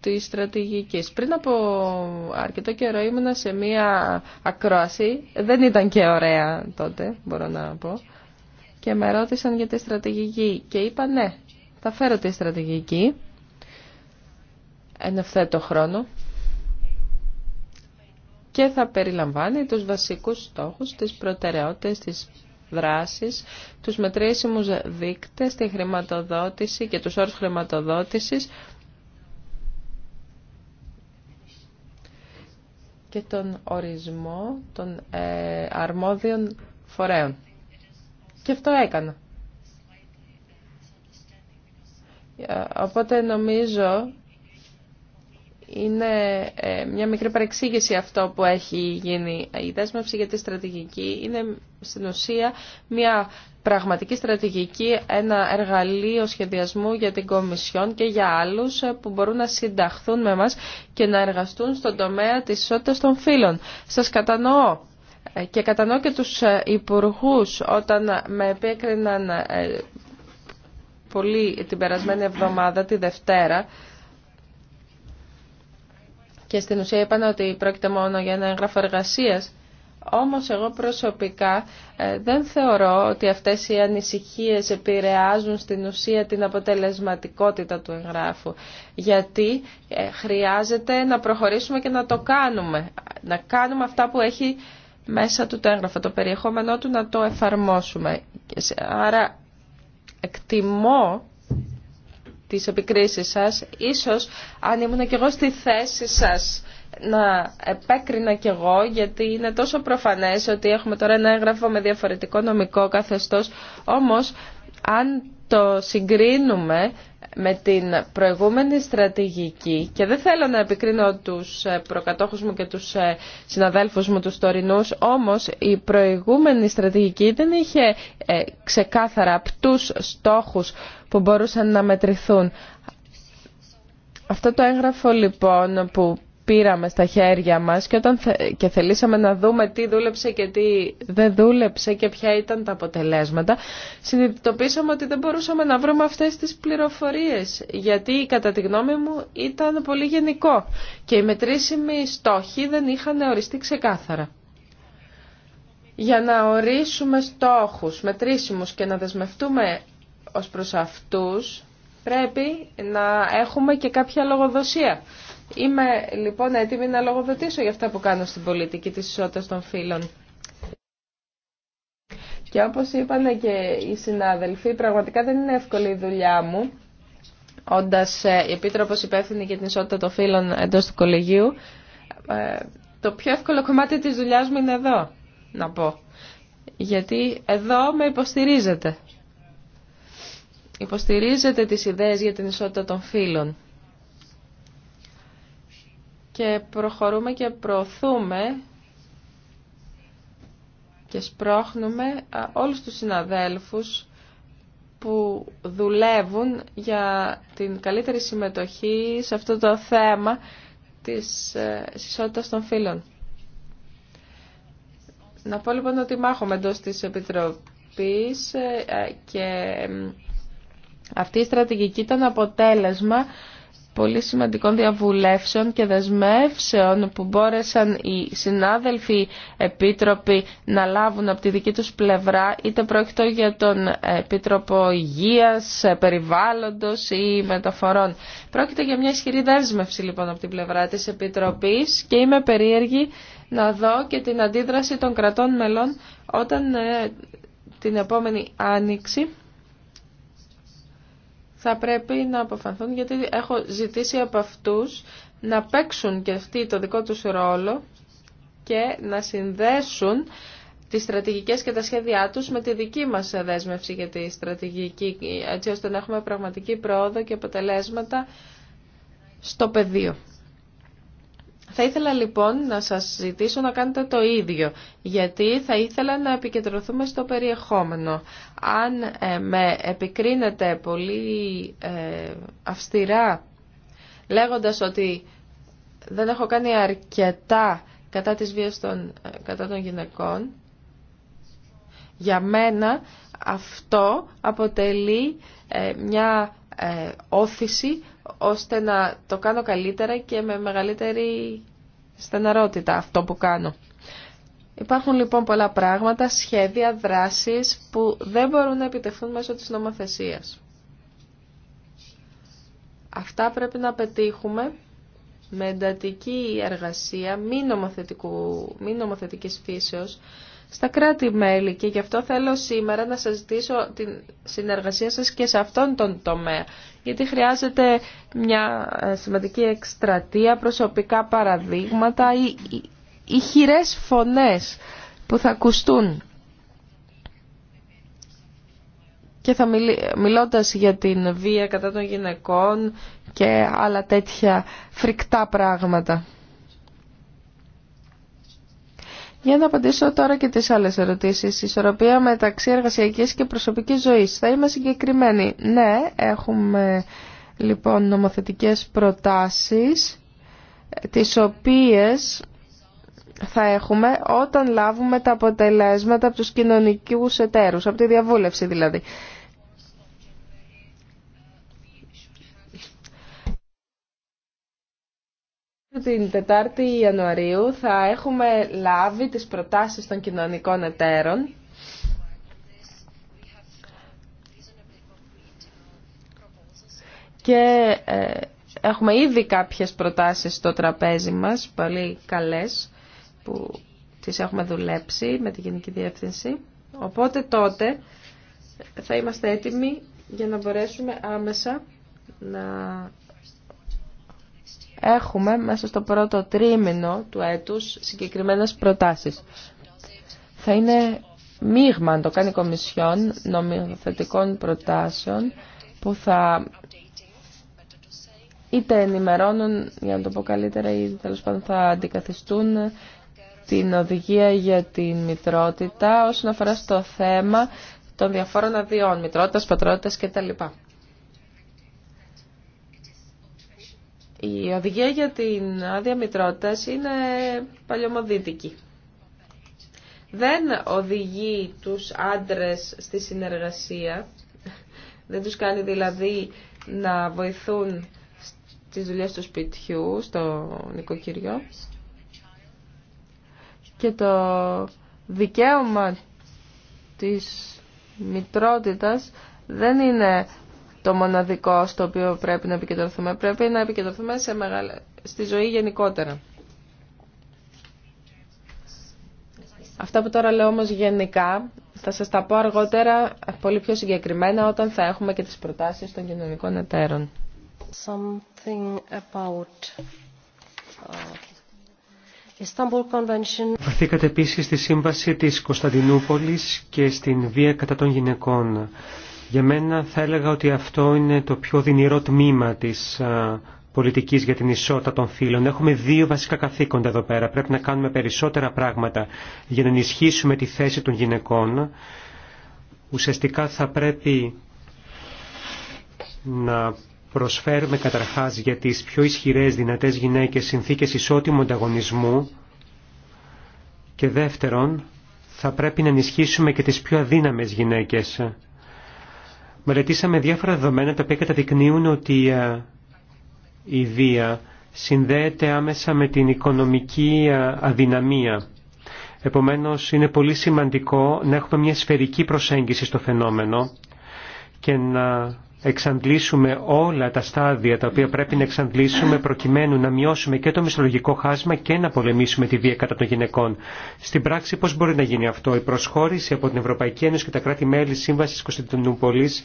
τη στρατηγική. Πριν από αρκετό καιρό ήμουνα σε μία ακρόαση, δεν ήταν και ωραία τότε, μπορώ να πω, και με ρώτησαν για τη στρατηγική και είπα ναι, θα φέρω τη στρατηγική εν ευθέτω χρόνο και θα περιλαμβάνει τους βασικούς στόχους, τις προτεραιότητες, τις δράσεις, τους μετρήσιμους δείκτες, τη χρηματοδότηση και τους όρους χρηματοδότησης, και τον ορισμό των ε, αρμόδιων φορέων. Και αυτό έκανα. Ε, οπότε νομίζω είναι ε, μια μικρή παρεξήγηση αυτό που έχει γίνει η δέσμευση για τη στρατηγική. Είναι στην ουσία μια πραγματική στρατηγική, ένα εργαλείο σχεδιασμού για την Κομισιόν και για άλλους που μπορούν να συνταχθούν με μας και να εργαστούν στον τομέα της ισότητας των φύλων. Σας κατανοώ ε, και κατανοώ και τους ε, υπουργούς όταν με επέκριναν ε, πολύ την περασμένη εβδομάδα, τη Δευτέρα, και στην ουσία είπαν ότι πρόκειται μόνο για ένα έγγραφο εργασίας όμως εγώ προσωπικά ε, δεν θεωρώ ότι αυτές οι ανησυχίες επηρεάζουν στην ουσία την αποτελεσματικότητα του εγγράφου. Γιατί ε, χρειάζεται να προχωρήσουμε και να το κάνουμε. Να κάνουμε αυτά που έχει μέσα του το έγγραφο, το περιεχόμενό του να το εφαρμόσουμε. Άρα εκτιμώ τις επικρίσεις σας, ίσως αν ήμουν και εγώ στη θέση σας να επέκρινα κι εγώ γιατί είναι τόσο προφανές ότι έχουμε τώρα ένα έγγραφο με διαφορετικό νομικό καθεστώς όμως αν το συγκρίνουμε με την προηγούμενη στρατηγική και δεν θέλω να επικρίνω τους ε, προκατόχους μου και τους ε, συναδέλφους μου τους τωρινούς όμως η προηγούμενη στρατηγική δεν είχε ε, ξεκάθαρα απτούς στόχους που μπορούσαν να μετρηθούν. Αυτό το έγγραφο λοιπόν που πήραμε στα χέρια μας και, όταν και θελήσαμε να δούμε τι δούλεψε και τι δεν δούλεψε και ποια ήταν τα αποτελέσματα, συνειδητοποίησαμε ότι δεν μπορούσαμε να βρούμε αυτές τις πληροφορίες, γιατί κατά τη γνώμη μου ήταν πολύ γενικό και οι μετρήσιμοι στόχοι δεν είχαν οριστεί ξεκάθαρα. Για να ορίσουμε στόχους μετρήσιμους και να δεσμευτούμε ως προς αυτούς, πρέπει να έχουμε και κάποια λογοδοσία. Είμαι λοιπόν έτοιμη να λογοδοτήσω για αυτά που κάνω στην πολιτική της ισότητας των φίλων. Και όπως είπαν και οι συνάδελφοι, πραγματικά δεν είναι εύκολη η δουλειά μου, όντας ε, η Επίτροπος υπεύθυνη για την ισότητα των φίλων εντός του κολεγίου. Ε, το πιο εύκολο κομμάτι της δουλειάς μου είναι εδώ, να πω. Γιατί εδώ με υποστηρίζετε. Υποστηρίζετε τις ιδέες για την ισότητα των φύλων και προχωρούμε και προωθούμε και σπρώχνουμε όλους τους συναδέλφους που δουλεύουν για την καλύτερη συμμετοχή σε αυτό το θέμα της ε, ισότητας των φίλων. Να πω λοιπόν ότι μάχομαι εντό της Επιτροπής ε, ε, και αυτή η στρατηγική ήταν αποτέλεσμα πολύ σημαντικών διαβουλεύσεων και δεσμεύσεων που μπόρεσαν οι συνάδελφοι επίτροποι να λάβουν από τη δική τους πλευρά, είτε πρόκειται για τον Επίτροπο Υγείας, Περιβάλλοντος ή Μεταφορών. Πρόκειται για μια ισχυρή δέσμευση λοιπόν από την πλευρά της Επιτροπής και είμαι περίεργη να δω και την αντίδραση των κρατών μελών όταν ε, την επόμενη άνοιξη θα πρέπει να αποφανθούν γιατί έχω ζητήσει από αυτούς να παίξουν και αυτοί το δικό τους ρόλο και να συνδέσουν τις στρατηγικές και τα σχέδιά τους με τη δική μας δέσμευση για τη στρατηγική, έτσι ώστε να έχουμε πραγματική πρόοδο και αποτελέσματα στο πεδίο. Θα ήθελα λοιπόν να σας ζητήσω να κάνετε το ίδιο, γιατί θα ήθελα να επικεντρωθούμε στο περιεχόμενο. Αν ε, με επικρίνετε πολύ ε, αυστηρά λέγοντας ότι δεν έχω κάνει αρκετά κατά της βίας των, ε, κατά των γυναικών, για μένα αυτό αποτελεί μια όθηση ώστε να το κάνω καλύτερα και με μεγαλύτερη στεναρότητα αυτό που κάνω. Υπάρχουν λοιπόν πολλά πράγματα, σχέδια, δράσεις που δεν μπορούν να επιτευχθούν μέσω της νομοθεσίας. Αυτά πρέπει να πετύχουμε με εντατική εργασία μη, νομοθετικού, μη νομοθετικής φύσεως στα κράτη-μέλη και γι' αυτό θέλω σήμερα να σας ζητήσω την συνεργασία σας και σε αυτόν τον τομέα γιατί χρειάζεται μια ε, σημαντική εκστρατεία, προσωπικά παραδείγματα ή, ή, φωνές που θα ακουστούν. Και θα μιλώντας για την βία κατά των γυναικών και άλλα τέτοια φρικτά πράγματα. Για να απαντήσω τώρα και τις άλλες ερωτήσεις. Ισορροπία μεταξύ εργασιακής και προσωπικής ζωής. Θα είμαι συγκεκριμένη. Ναι, έχουμε λοιπόν νομοθετικές προτάσεις, τις οποίες θα έχουμε όταν λάβουμε τα αποτελέσματα από τους κοινωνικούς εταίρους, από τη διαβούλευση δηλαδή. την Τετάρτη Ιανουαρίου θα έχουμε λάβει τις προτάσεις των κοινωνικών εταίρων και ε, έχουμε ήδη κάποιες προτάσεις στο τραπέζι μας, πολύ καλές, που τις έχουμε δουλέψει με τη Γενική Διεύθυνση. Οπότε τότε θα είμαστε έτοιμοι για να μπορέσουμε άμεσα να έχουμε μέσα στο πρώτο τρίμηνο του έτους συγκεκριμένες προτάσεις. Θα είναι μείγμα, το κάνει η Κομισιόν, νομιοθετικών προτάσεων που θα είτε ενημερώνουν, για να το πω καλύτερα, ή τέλο πάντων θα αντικαθιστούν την οδηγία για την μητρότητα όσον αφορά στο θέμα των διαφόρων αδειών, μητρότητας, πατρότητας κτλ. Η οδηγία για την άδεια μητρότητα είναι παλιωμοδίτικη. Δεν οδηγεί τους άντρες στη συνεργασία, δεν τους κάνει δηλαδή να βοηθούν στις δουλειές του σπιτιού, στο νοικοκυριό. Και το δικαίωμα της μητρότητας δεν είναι το μοναδικό στο οποίο πρέπει να επικεντρωθούμε. Πρέπει να επικεντρωθούμε σε στη ζωή γενικότερα. Αυτά που τώρα λέω όμως γενικά θα σας τα πω αργότερα πολύ πιο συγκεκριμένα όταν θα έχουμε και τις προτάσεις των κοινωνικών εταίρων. Something uh, επίσης στη σύμβαση της Κωνσταντινούπολης και στην βία κατά των γυναικών. Για μένα θα έλεγα ότι αυτό είναι το πιο δυνηρό τμήμα της πολιτικής για την ισότητα των φύλων. Έχουμε δύο βασικά καθήκοντα εδώ πέρα. Πρέπει να κάνουμε περισσότερα πράγματα για να ενισχύσουμε τη θέση των γυναικών. Ουσιαστικά θα πρέπει να προσφέρουμε καταρχάς για τις πιο ισχυρές δυνατές γυναίκες συνθήκες ισότιμου ανταγωνισμού και δεύτερον θα πρέπει να ενισχύσουμε και τις πιο αδύναμες γυναίκες μελετήσαμε διάφορα δεδομένα τα οποία καταδεικνύουν ότι ε, η βία συνδέεται άμεσα με την οικονομική ε, αδυναμία. Επομένως, είναι πολύ σημαντικό να έχουμε μια σφαιρική προσέγγιση στο φαινόμενο και να εξαντλήσουμε όλα τα στάδια τα οποία πρέπει να εξαντλήσουμε προκειμένου να μειώσουμε και το μισθολογικό χάσμα και να πολεμήσουμε τη βία κατά των γυναικών. Στην πράξη πώς μπορεί να γίνει αυτό. Η προσχώρηση από την Ευρωπαϊκή Ένωση και τα κράτη-μέλη Σύμβασης Κωνσταντινούπολης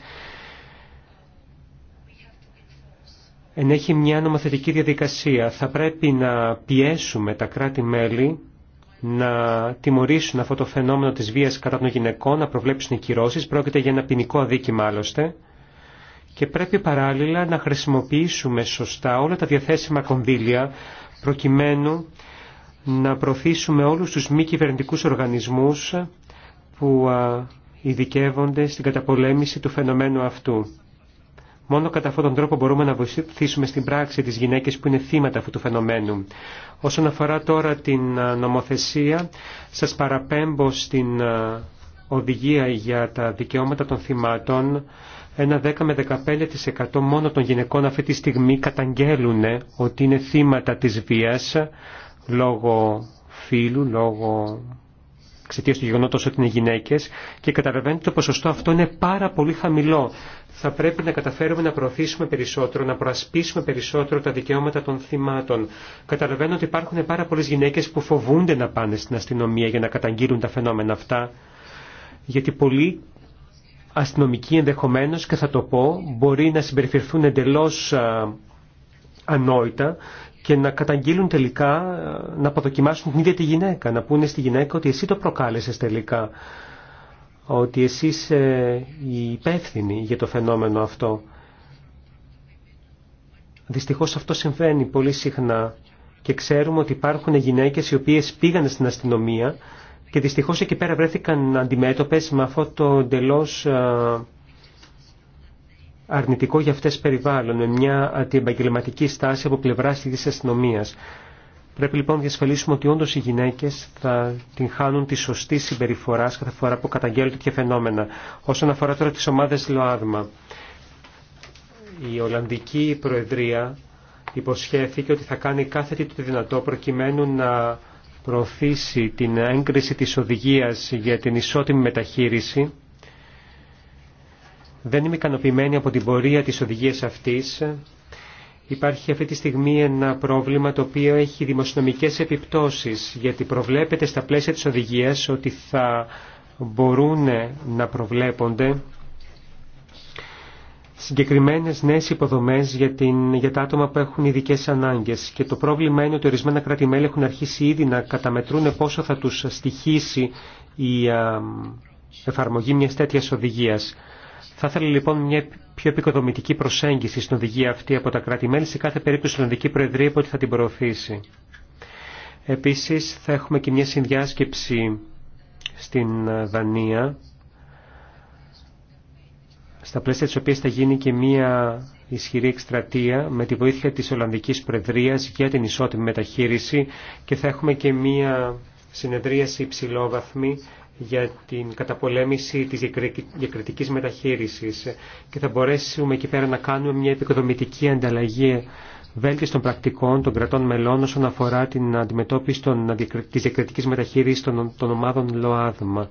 ενέχει μια νομοθετική διαδικασία. Θα πρέπει να πιέσουμε τα κράτη-μέλη να τιμωρήσουν αυτό το φαινόμενο της βίας κατά των γυναικών, να προβλέψουν οι κυρώσεις. Πρόκειται για ένα ποινικό αδίκημα άλλωστε και πρέπει παράλληλα να χρησιμοποιήσουμε σωστά όλα τα διαθέσιμα κονδύλια προκειμένου να προωθήσουμε όλους τους μη κυβερνητικού οργανισμούς που ειδικεύονται στην καταπολέμηση του φαινομένου αυτού. Μόνο κατά αυτόν τον τρόπο μπορούμε να βοηθήσουμε στην πράξη τις γυναίκες που είναι θύματα αυτού του φαινομένου. Όσον αφορά τώρα την νομοθεσία, σας παραπέμπω στην οδηγία για τα δικαιώματα των θυμάτων ένα 10 με 15% μόνο των γυναικών αυτή τη στιγμή καταγγέλουν ότι είναι θύματα της βίας λόγω φύλου, λόγω εξαιτία του γεγονότος ότι είναι γυναίκες και καταλαβαίνετε το ποσοστό αυτό είναι πάρα πολύ χαμηλό. Θα πρέπει να καταφέρουμε να προωθήσουμε περισσότερο, να προασπίσουμε περισσότερο τα δικαιώματα των θυμάτων. Καταλαβαίνω ότι υπάρχουν πάρα πολλέ γυναίκε που φοβούνται να πάνε στην αστυνομία για να καταγγείλουν τα φαινόμενα αυτά, γιατί πολλοί αστυνομικοί ενδεχομένως και θα το πω μπορεί να συμπεριφερθούν εντελώς ε, ανόητα και να καταγγείλουν τελικά, ε, να αποδοκιμάσουν την ίδια τη γυναίκα, να πούνε στη γυναίκα ότι εσύ το προκάλεσες τελικά, ότι εσύ είσαι η υπεύθυνη για το φαινόμενο αυτό. Δυστυχώς αυτό συμβαίνει πολύ συχνά και ξέρουμε ότι υπάρχουν γυναίκες οι οποίες πήγαν στην αστυνομία και δυστυχώς εκεί πέρα βρέθηκαν αντιμέτωπες με αυτό το εντελώ αρνητικό για αυτές περιβάλλον, με μια αντιεπαγγελματική στάση από πλευρά της αστυνομία. Πρέπει λοιπόν να διασφαλίσουμε ότι όντω οι γυναίκε θα την χάνουν τη σωστή συμπεριφορά κάθε φορά που καταγγέλνουν τέτοια φαινόμενα. Όσον αφορά τώρα τι ομάδε ΛΟΑΔΜΑ, η Ολλανδική Προεδρία υποσχέθηκε ότι θα κάνει κάθε τι το δυνατό προκειμένου να προωθήσει την έγκριση της οδηγίας για την ισότιμη μεταχείριση. Δεν είμαι ικανοποιημένη από την πορεία της οδηγίας αυτής. Υπάρχει αυτή τη στιγμή ένα πρόβλημα το οποίο έχει δημοσιονομικές επιπτώσεις, γιατί προβλέπεται στα πλαίσια της οδηγίας ότι θα μπορούν να προβλέπονται συγκεκριμένες νέες υποδομές για, για τα άτομα που έχουν ειδικέ ανάγκες και το πρόβλημα είναι ότι ορισμένα κράτη-μέλη έχουν αρχίσει ήδη να καταμετρούν πόσο θα τους στοιχήσει η εφαρμογή μιας τέτοιας οδηγίας. Θα ήθελα λοιπόν μια πιο επικοδομητική προσέγγιση στην οδηγία αυτή από τα κράτη-μέλη σε κάθε περίπτωση η Ολλανδική Προεδρία ότι θα την προωθήσει. Επίσης θα έχουμε και μια συνδιάσκεψη στην Δανία στα πλαίσια της οποίας θα γίνει και μία ισχυρή εκστρατεία με τη βοήθεια της Ολλανδικής Προεδρίας για την ισότιμη μεταχείριση και θα έχουμε και μία συνεδρίαση υψηλόβαθμη για την καταπολέμηση της διακριτικής μεταχείρισης και θα μπορέσουμε εκεί πέρα να κάνουμε μια επικοδομητική ανταλλαγή βέλτιστων πρακτικών των κρατών μελών όσον αφορά την αντιμετώπιση της διακριτικής μεταχείρισης των ομάδων ΛΟΑΔΜΑ.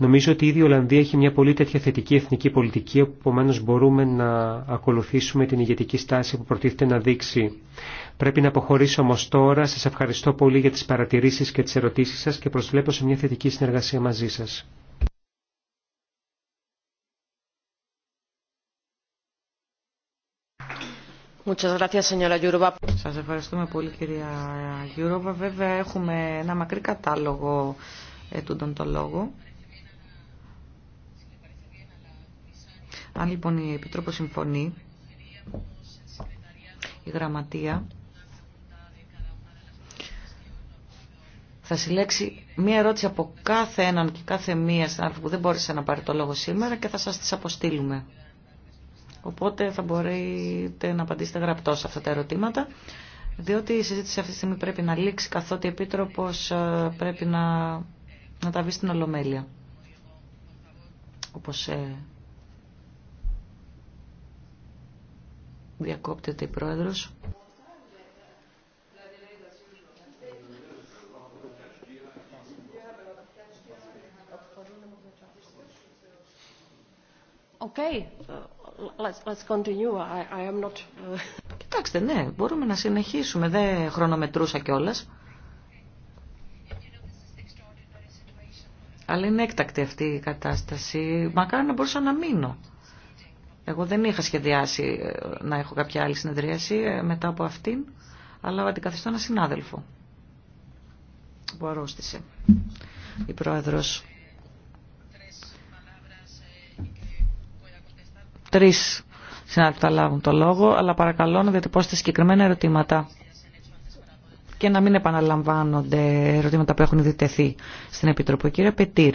Νομίζω ότι ήδη η Ολλανδία έχει μια πολύ τέτοια θετική εθνική πολιτική, επομένω μπορούμε να ακολουθήσουμε την ηγετική στάση που προτίθεται να δείξει. Πρέπει να αποχωρήσω όμω τώρα. Σα ευχαριστώ πολύ για τι παρατηρήσει και τι ερωτήσει σα και προσβλέπω σε μια θετική συνεργασία μαζί σα. Σας ευχαριστούμε πολύ κυρία Γιούροβα. Βέβαια έχουμε ένα μακρύ κατάλογο ετούντων το λόγο. Αν λοιπόν η Επιτρόπος συμφωνεί, η Γραμματεία θα συλλέξει μία ερώτηση από κάθε έναν και κάθε μία συνάδελφο που δεν μπόρεσε να πάρει το λόγο σήμερα και θα σας τις αποστείλουμε. Οπότε θα μπορείτε να απαντήσετε γραπτώς σε αυτά τα ερωτήματα, διότι η συζήτηση αυτή τη στιγμή πρέπει να λήξει, καθότι η Επίτροπος ε, πρέπει να, να τα βρει στην Ολομέλεια, όπως ε, Διακόπτεται η πρόεδρος. Okay, uh, let's, let's I, I am not... Uh, Κοιτάξτε, ναι, μπορούμε να συνεχίσουμε. Δεν χρονομετρούσα κιόλα. Αλλά είναι έκτακτη αυτή η κατάσταση. Μακάρι να μπορούσα να μείνω. Εγώ δεν είχα σχεδιάσει ε, να έχω κάποια άλλη συνεδρίαση ε, μετά από αυτήν, αλλά αντικαθιστώ ένα συνάδελφο που αρρώστησε η πρόεδρος. Τρεις συνάδελφοι θα λάβουν το λόγο, αλλά παρακαλώ να διατυπώσετε συγκεκριμένα ερωτήματα και να μην επαναλαμβάνονται ερωτήματα που έχουν διτεθεί στην Επιτροπή. Κύριε Πετήρ.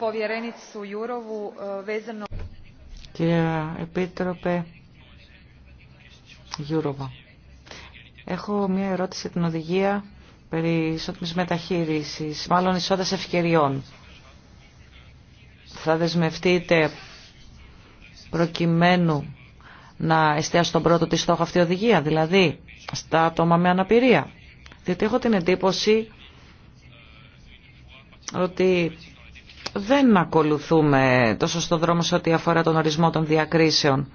E, Κυρία Επίτροπε Γιούροβα, έχω μια ερώτηση για την οδηγία περί ισότιμης μεταχείρισης, μάλλον ισότητας ευκαιριών. Θα δεσμευτείτε προκειμένου να εστιάσει τον πρώτο τη στόχο αυτή η οδηγία, δηλαδή στα άτομα με αναπηρία. Διότι έχω την εντύπωση ότι δεν ακολουθούμε το σωστό δρόμο σε ό,τι αφορά τον ορισμό των διακρίσεων.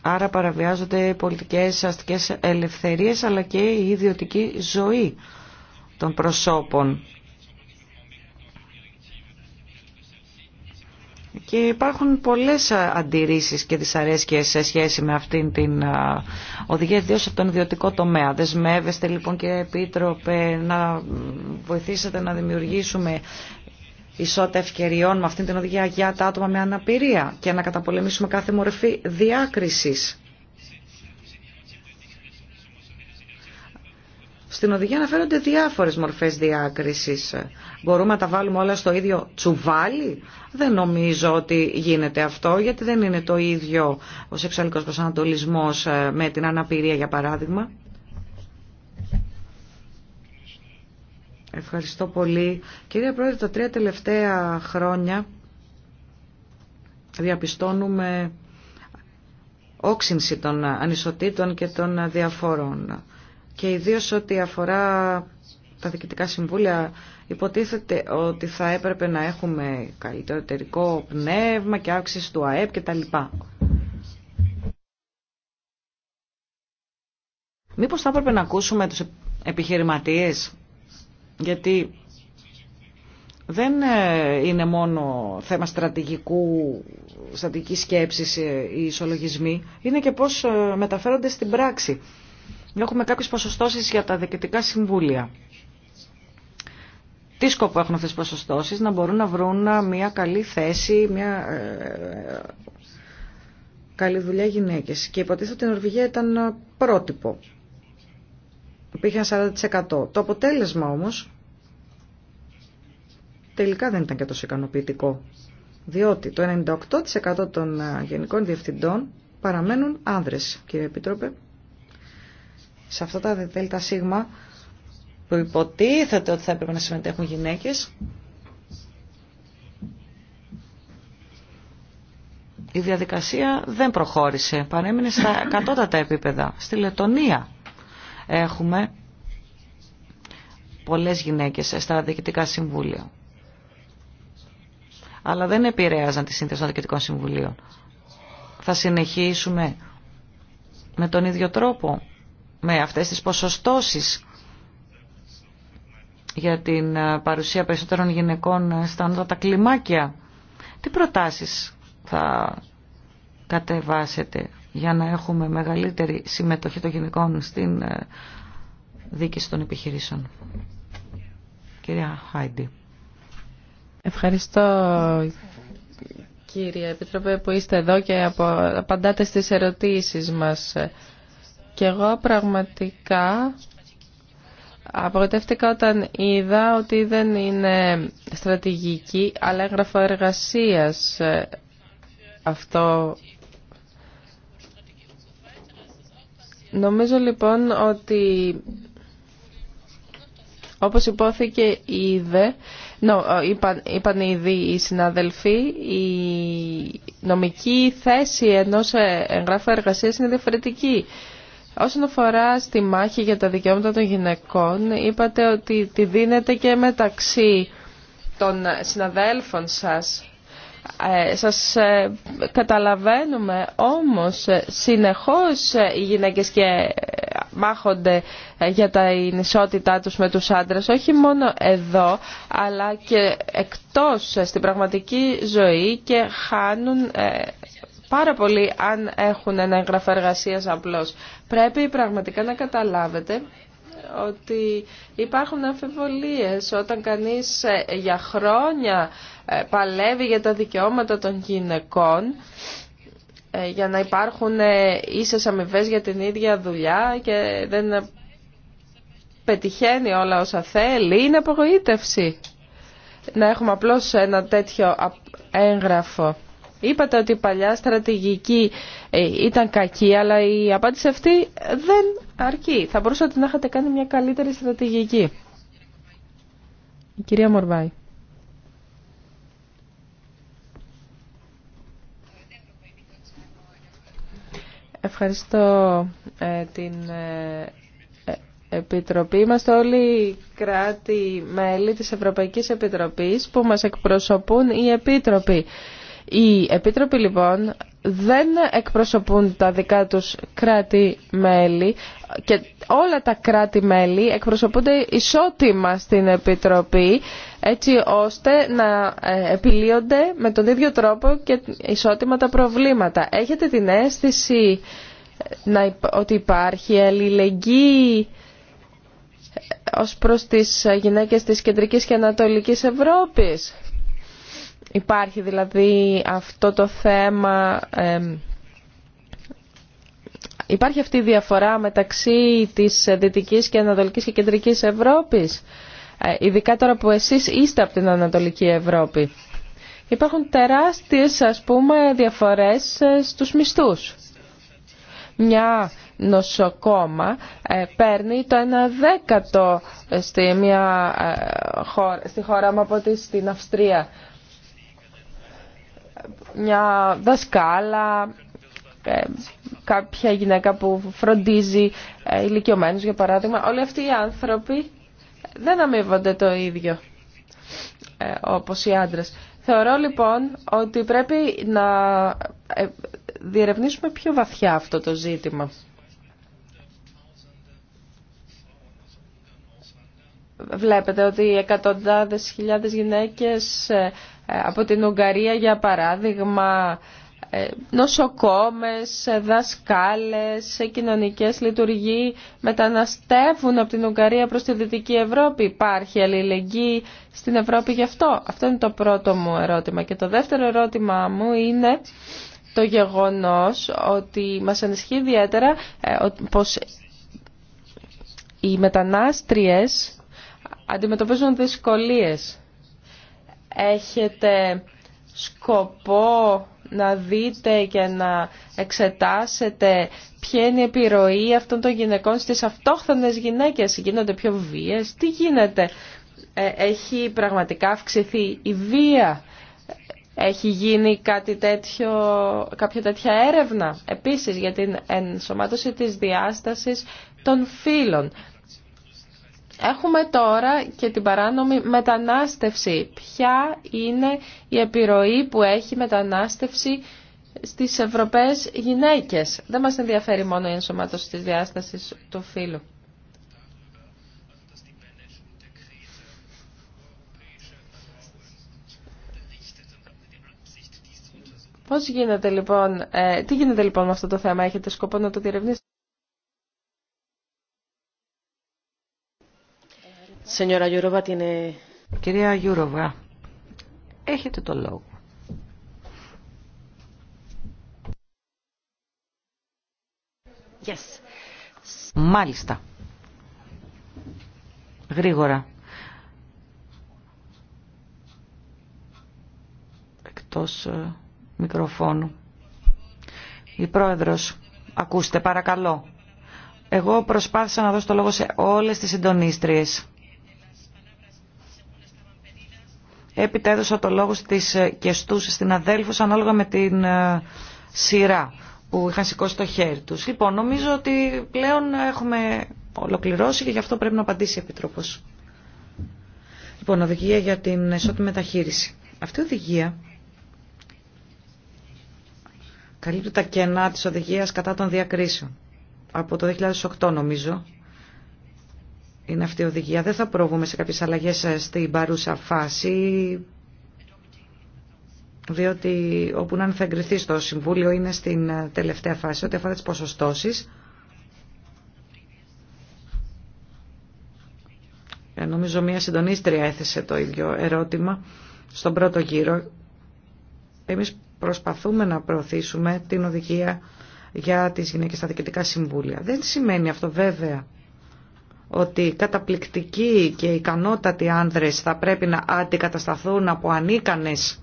Άρα παραβιάζονται πολιτικές αστικές ελευθερίες αλλά και η ιδιωτική ζωή των προσώπων. Και υπάρχουν πολλές αντιρρήσεις και δυσαρέσκειες σε σχέση με αυτήν την οδηγία, ιδίω από τον ιδιωτικό τομέα. Δεσμεύεστε λοιπόν και επίτροπε να βοηθήσετε να δημιουργήσουμε ισότητα ευκαιριών με αυτήν την οδηγία για τα άτομα με αναπηρία και να καταπολεμήσουμε κάθε μορφή διάκρισης. Στην οδηγία αναφέρονται διάφορες μορφές διάκρισης. Μπορούμε να τα βάλουμε όλα στο ίδιο τσουβάλι. Δεν νομίζω ότι γίνεται αυτό, γιατί δεν είναι το ίδιο ο σεξουαλικός προσανατολισμός ε, με την αναπηρία, για παράδειγμα. Ευχαριστώ πολύ. Κυρία Πρόεδρε, τα τρία τελευταία χρόνια διαπιστώνουμε όξυνση των ανισοτήτων και των διαφόρων. Και ιδίως ό,τι αφορά τα διοικητικά συμβούλια υποτίθεται ότι θα έπρεπε να έχουμε καλύτερο εταιρικό πνεύμα και αύξηση του ΑΕΠ κτλ. Μήπως θα έπρεπε να ακούσουμε τους επιχειρηματίες γιατί δεν ε, είναι μόνο θέμα στρατηγικού, στρατηγικής σκέψης ή ε, ισολογισμοί, είναι και πώς ε, μεταφέρονται στην πράξη. Έχουμε κάποιες ποσοστώσεις για τα διοικητικά συμβούλια. Τι σκοπό έχουν αυτές τις ποσοστώσεις, να μπορούν να βρουν μια καλή θέση, μια καλή δουλειά γυναίκες. Και υποτίθεται ότι η Νορβηγία ήταν πρότυπο. Υπήρχε 40%. Το αποτέλεσμα όμως τελικά δεν ήταν και τόσο ικανοποιητικό. Διότι το 98% των γενικών διευθυντών παραμένουν άνδρες, κύριε Επίτροπε. Σε αυτά τα δελτα σίγμα που υποτίθεται ότι θα έπρεπε να συμμετέχουν γυναίκες, η διαδικασία δεν προχώρησε. Παρέμεινε στα κατώτατα επίπεδα. Στη Λετωνία έχουμε πολλές γυναίκες στα διοικητικά συμβούλια αλλά δεν επηρέαζαν τη σύνθεση των διοικητικών συμβουλίων. Θα συνεχίσουμε με τον ίδιο τρόπο, με αυτές τις ποσοστώσεις για την ε, παρουσία περισσότερων γυναικών ε, στα ανώτατα κλιμάκια. Τι προτάσεις θα κατεβάσετε για να έχουμε μεγαλύτερη συμμετοχή των γυναικών στην ε, δίκηση των επιχειρήσεων. Κυρία Χάιντι. Ευχαριστώ κύριε Επιτροπέ που είστε εδώ και από απαντάτε στις ερωτήσεις μας. Και εγώ πραγματικά απογοητεύτηκα όταν είδα ότι δεν είναι στρατηγική αλλά έγγραφο εργασίας αυτό. Νομίζω λοιπόν ότι όπως υπόθηκε ήδη, νο, ε, είπαν, ήδη οι συναδελφοί, η νομική θέση ενός ε, εγγράφου εργασίας είναι διαφορετική. Όσον αφορά στη μάχη για τα δικαιώματα των γυναικών, είπατε ότι τη δίνετε και μεταξύ των συναδέλφων σας. Ε, σας καταλαβαίνουμε όμως συνεχώς οι γυναίκες και μάχονται ε, για τα ισότητά τους με τους άντρες, όχι μόνο εδώ, αλλά και εκτός ε, στην πραγματική ζωή και χάνουν ε, πάρα πολύ αν έχουν ένα έγγραφο εργασία απλώς. Πρέπει πραγματικά να καταλάβετε ότι υπάρχουν αμφιβολίες όταν κανείς για χρόνια παλεύει για τα δικαιώματα των γυναικών ε, για να υπάρχουν ε, ίσες αμοιβέ για την ίδια δουλειά και δεν πετυχαίνει όλα όσα θέλει, είναι απογοήτευση να έχουμε απλώς ένα τέτοιο έγγραφο. Είπατε ότι η παλιά στρατηγική ε, ήταν κακή, αλλά η απάντηση αυτή δεν αρκεί. Θα μπορούσατε να έχετε κάνει μια καλύτερη στρατηγική. Η κυρία Μορβάη. Ευχαριστώ ε, την ε, ε, Επιτροπή. Είμαστε όλοι κράτη-μέλη της Ευρωπαϊκής Επιτροπής που μας εκπροσωπούν οι Επίτροποι. Οι Επίτροποι λοιπόν δεν εκπροσωπούν τα δικά τους κράτη-μέλη και όλα τα κράτη-μέλη εκπροσωπούνται ισότιμα στην Επιτροπή έτσι ώστε να ε, επιλύονται με τον ίδιο τρόπο και ισότιμα τα προβλήματα. Έχετε την αίσθηση ε, ότι υπάρχει αλληλεγγύη ε, ως προς τις γυναίκες της Κεντρικής και Ανατολικής Ευρώπης. Υπάρχει δηλαδή αυτό το θέμα, υπάρχει αυτή η διαφορά μεταξύ της Δυτικής και Ανατολικής και Κεντρικής Ευρώπης. Ε, ειδικά τώρα που εσείς είστε από την Ανατολική Ευρώπη. Υπάρχουν τεράστιες ας πούμε διαφορές ε, στους μισθούς. Μια νοσοκόμα ε, παίρνει το ένα δέκατο στη, μια, χώρα, στη χώρα μου από την στην Αυστρία. Μια δασκάλα, κάποια γυναίκα που φροντίζει ε, ηλικιωμένους για παράδειγμα. Όλοι αυτοί οι άνθρωποι δεν αμείβονται το ίδιο ε, όπως οι άντρες. Θεωρώ λοιπόν ότι πρέπει να ε, διερευνήσουμε πιο βαθιά αυτό το ζήτημα. Βλέπετε ότι εκατοντάδες χιλιάδες γυναίκες ε, από την Ουγγαρία για παράδειγμα ε, νοσοκόμες, ε, δασκάλες, ε, κοινωνικές λειτουργοί μεταναστεύουν από την Ουγγαρία προς τη Δυτική Ευρώπη. Υπάρχει αλληλεγγύη στην Ευρώπη γι' αυτό. Αυτό είναι το πρώτο μου ερώτημα. Και το δεύτερο ερώτημα μου είναι το γεγονός ότι μας ανισχύει ιδιαίτερα πως οι μετανάστριες αντιμετωπίζουν δυσκολίες. Έχετε σκοπό να δείτε και να εξετάσετε ποια είναι η επιρροή αυτών των γυναικών στις αυτόχθονες γυναίκες. Γίνονται πιο βίες. Τι γίνεται. Ε, έχει πραγματικά αυξηθεί η βία. Έχει γίνει κάτι τέτοιο, κάποια τέτοια έρευνα επίσης για την ενσωμάτωση της διάστασης των φύλων. Έχουμε τώρα και την παράνομη μετανάστευση. Ποια είναι η επιρροή που έχει μετανάστευση στις Ευρωπαίες γυναίκες. Δεν μας ενδιαφέρει μόνο η ενσωμάτωση της διάστασης του φύλου. Πώς γίνεται λοιπόν, ε, τι γίνεται λοιπόν με αυτό το θέμα, έχετε σκοπό να το διερευνήσετε. Κυρία Γιούροβα, έχετε το λόγο. Yes. Μάλιστα. Γρήγορα. Εκτός ε, μικροφώνου. Η πρόεδρος, ακούστε παρακαλώ. Εγώ προσπάθησα να δώσω το λόγο σε όλες τις συντονίστριες. Έπειτα έδωσα το λόγο στις ε, κεστούς, στην αδέλφους, ανάλογα με την ε, σειρά που είχαν σηκώσει το χέρι τους. Λοιπόν, νομίζω ότι πλέον έχουμε ολοκληρώσει και γι' αυτό πρέπει να απαντήσει η Επιτροπός. Λοιπόν, οδηγία για την ισότιμη μεταχείριση. Αυτή η οδηγία καλύπτει τα κενά της οδηγίας κατά των διακρίσεων. Από το 2008 νομίζω είναι αυτή η οδηγία. Δεν θα προβούμε σε κάποιες αλλαγές ε, στην παρούσα φάση, διότι όπου να θα εγκριθεί στο Συμβούλιο είναι στην ε, τελευταία φάση, ό,τι αφορά τις ποσοστώσεις. Ε, νομίζω μια συντονίστρια έθεσε το ίδιο ερώτημα στον πρώτο γύρο. Εμείς προσπαθούμε να προωθήσουμε την οδηγία για τις γυναίκες στα διοικητικά συμβούλια. Δεν σημαίνει αυτό βέβαια ότι καταπληκτικοί και ικανότατοι άνδρες θα πρέπει να αντικατασταθούν από ανίκανες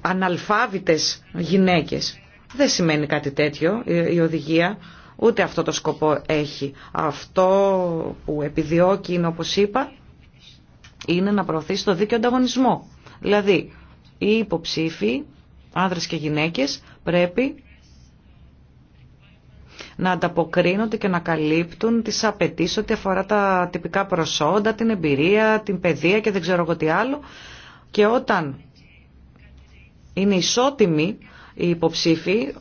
αναλφάβητες γυναίκες. Δεν σημαίνει κάτι τέτοιο η οδηγία, ούτε αυτό το σκοπό έχει. Αυτό που επιδιώκει είναι, όπως είπα, είναι να προωθήσει το δίκαιο ανταγωνισμό. Δηλαδή, οι υποψήφοι, άνδρες και γυναίκες, πρέπει να ανταποκρίνονται και να καλύπτουν τις απαιτήσει ό,τι αφορά τα τυπικά προσόντα, την εμπειρία, την παιδεία και δεν ξέρω εγώ τι άλλο. Και όταν είναι ισότιμοι οι υποψήφοι,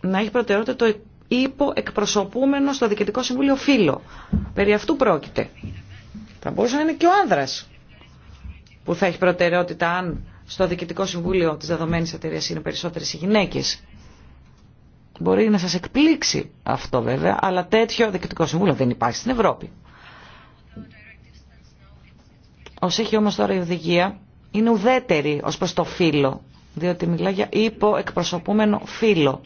να έχει προτεραιότητα το υποεκπροσωπούμενο στο Διοικητικό Συμβούλιο φίλο. Περί αυτού πρόκειται. Θα μπορούσε να είναι και ο άνδρας που θα έχει προτεραιότητα αν στο Διοικητικό Συμβούλιο της δεδομένης εταιρείας είναι περισσότερες οι γυναίκες. Μπορεί να σας εκπλήξει αυτό βέβαια, αλλά τέτοιο Διοικητικό Συμβούλιο δεν υπάρχει στην Ευρώπη. Όσο έχει όμως τώρα η οδηγία, είναι ουδέτερη ως προς το φύλλο, διότι μιλά για υποεκπροσωπούμενο φύλλο.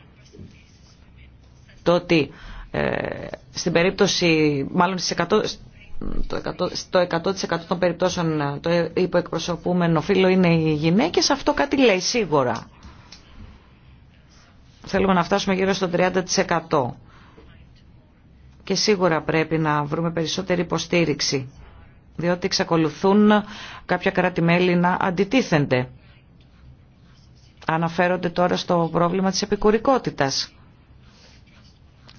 Το ότι ε, στην περίπτωση, μάλλον στις το 100%, στο 100% των περιπτώσεων ε, το υποεκπροσωπούμενο φύλλο είναι οι γυναίκες, αυτό κάτι λέει σίγουρα. Θέλουμε να φτάσουμε γύρω στο 30% και σίγουρα πρέπει να βρούμε περισσότερη υποστήριξη, διότι εξακολουθούν κάποια κράτη-μέλη να αντιτίθενται. Αναφέρονται τώρα στο πρόβλημα της επικουρικότητας.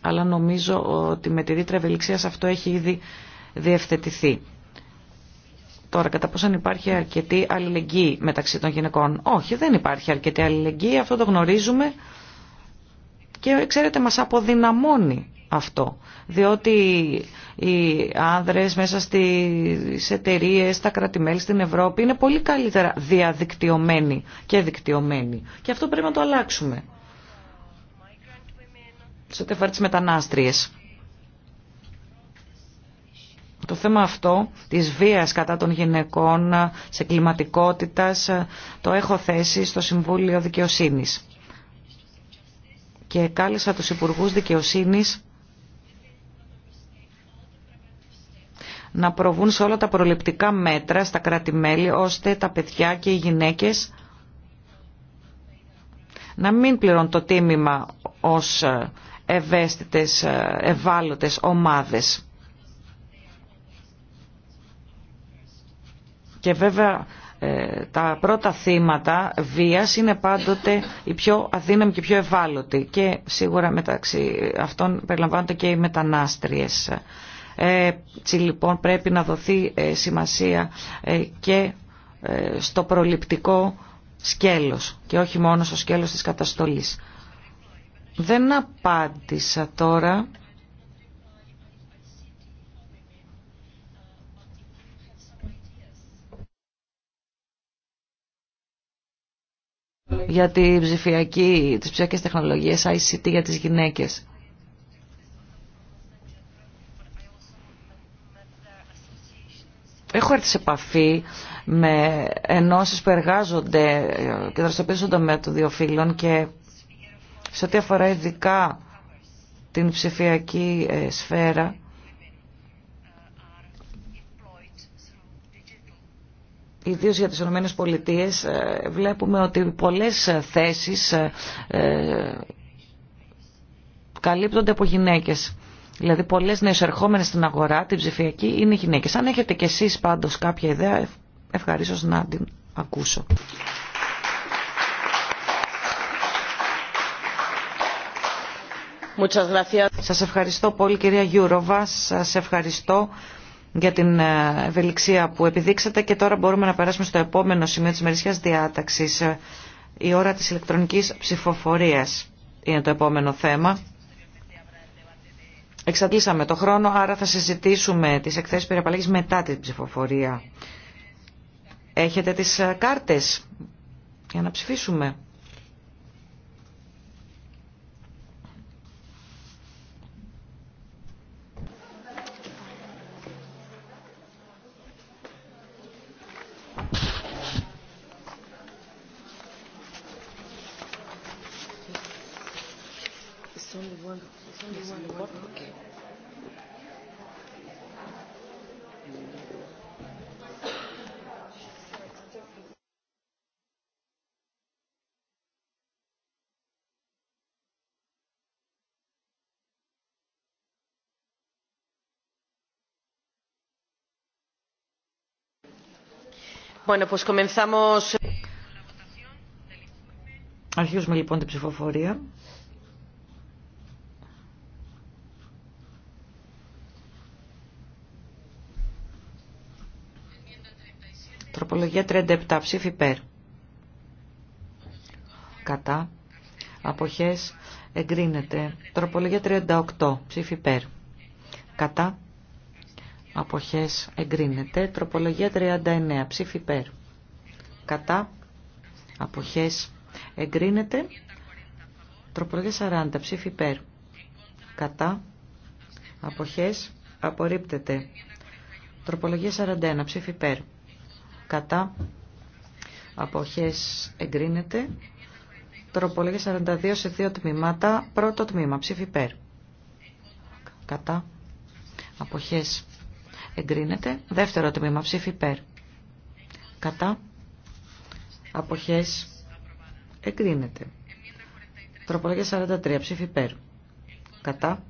Αλλά νομίζω ότι με τη ρήτρα ευελιξίας αυτό έχει ήδη διευθετηθεί. Τώρα, κατά πόσο υπάρχει αρκετή αλληλεγγύη μεταξύ των γυναικών. Όχι, δεν υπάρχει αρκετή αλληλεγγύη, αυτό το γνωρίζουμε και ξέρετε μας αποδυναμώνει αυτό. Διότι οι άνδρες μέσα στις εταιρείε, στα κρατημέλη στην Ευρώπη είναι πολύ καλύτερα διαδικτυωμένοι και δικτυωμένοι. Και αυτό πρέπει να το αλλάξουμε. Σε τεφάρ τις μετανάστριες. Το θέμα αυτό της βίας κατά των γυναικών σε κλιματικότητα το έχω θέσει στο Συμβούλιο Δικαιοσύνης. Και κάλεσα τους Υπουργούς Δικαιοσύνης να προβούν σε όλα τα προληπτικά μέτρα στα κρατη ώστε τα παιδιά και οι γυναίκες να μην πληρώνουν το τίμημα ως ευαίσθητες, ευάλωτες ομάδες. Και βέβαια ε, τα πρώτα θύματα βίας είναι πάντοτε οι πιο αδύναμοι και πιο ευάλωτοι και σίγουρα μεταξύ αυτών περιλαμβάνονται και οι μετανάστριες. Ε, έτσι λοιπόν πρέπει να δοθεί ε, σημασία και στο προληπτικό σκέλος και όχι μόνο στο σκέλος της καταστολής. Δεν απάντησα τώρα για τη ψηφιακή, τις ψηφιακές τεχνολογίες ICT για τις γυναίκες. Έχω έρθει σε επαφή με ενώσεις που εργάζονται και δραστηριοποιούνται στον τομέα των και σε ό,τι αφορά ειδικά την ψηφιακή ε, σφαίρα ιδίω για τι ΗΠΑ, ε, βλέπουμε ότι πολλέ θέσει ε, ε, καλύπτονται από γυναίκε. Δηλαδή πολλέ νέες στην αγορά, την ψηφιακή, είναι γυναίκε. Αν έχετε κι εσεί πάντως κάποια ιδέα, ευχαρίστω να την ακούσω. Σας ευχαριστώ πολύ κυρία Γιούροβα, σας ευχαριστώ για την ε, ευελιξία που επιδείξατε και τώρα μπορούμε να περάσουμε στο επόμενο σημείο της μερισιάς διάταξης. Ε, η ώρα της ηλεκτρονικής ψηφοφορίας είναι το επόμενο θέμα. Εξαντλήσαμε το χρόνο, άρα θα συζητήσουμε τις εκθέσεις περιαπαλλαγής μετά την ψηφοφορία. Έχετε τις ε, κάρτες για να ψηφίσουμε. Αρχίζουμε λοιπόν την ψηφοφορία. Τροπολογία 37. Ψήφι υπέρ. Κατά. Αποχές εγκρίνεται. Τροπολογία 38. Ψήφι υπέρ. Κατά αποχές εγκρίνεται. Τροπολογία 39, ψήφι υπέρ. Κατά, αποχές εγκρίνεται. Τροπολογία 40, ψήφι υπέρ. Κατά, αποχές απορρίπτεται. Τροπολογία 41, ψήφι υπέρ. Κατά, αποχές εγκρίνεται. Τροπολογία 42 σε δύο τμήματα. Πρώτο τμήμα, ψήφι υπέρ. Κατά, αποχές εγκρίνεται. Δεύτερο τμήμα ψήφι υπέρ. Κατά. Αποχές εγκρίνεται. Τροπολογία 43 ψήφι υπέρ. Κατά.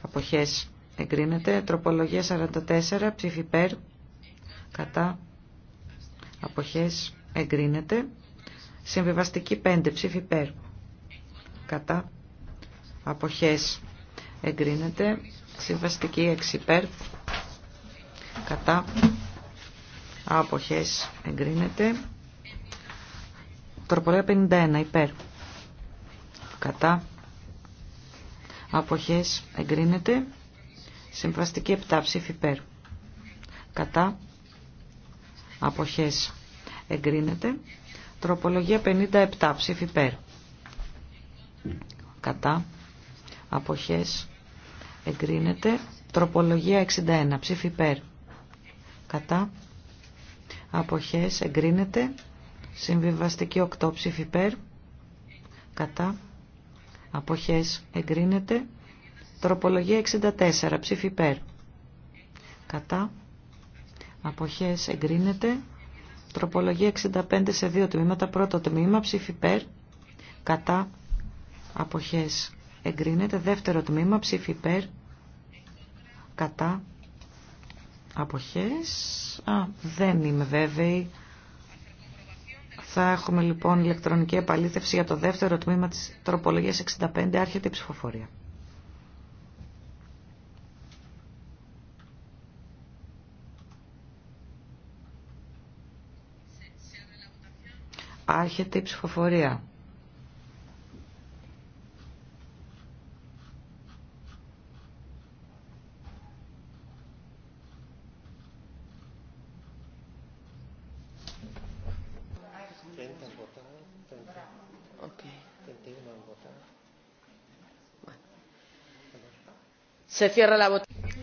Αποχές εγκρίνεται. Τροπολογία 44 ψήφι υπέρ. Κατά. Αποχές εγκρίνεται. Συμβιβαστική 5 ψήφι υπέρ. Κατά. Αποχές εγκρίνεται. Συμβαστική 6 υπέρ κατά άποχες εγκρίνεται τροπολογία 51 υπέρ κατά άποχες εγκρίνεται συμβαστική 7 ψήφι υπέρ κατά αποχές εγκρίνεται τροπολογία 57 ψήφι υπέρ κατά αποχές εγκρίνεται τροπολογία 61 ψήφι υπέρ κατά αποχές εγκρίνεται συμβιβαστική 8 ψήφι υπέρ κατά αποχές εγκρίνεται τροπολογία 64 ψήφι υπέρ κατά αποχές εγκρίνεται τροπολογία 65 σε δύο τμήματα πρώτο τμήμα ψήφι υπέρ κατά αποχές εγκρίνεται δεύτερο τμήμα ψήφι υπέρ κατά αποχές. Α, δεν είμαι βέβαιη. Θα έχουμε λοιπόν ηλεκτρονική επαλήθευση για το δεύτερο τμήμα της τροπολογίας 65. Άρχεται η ψηφοφορία. Άρχεται η ψηφοφορία.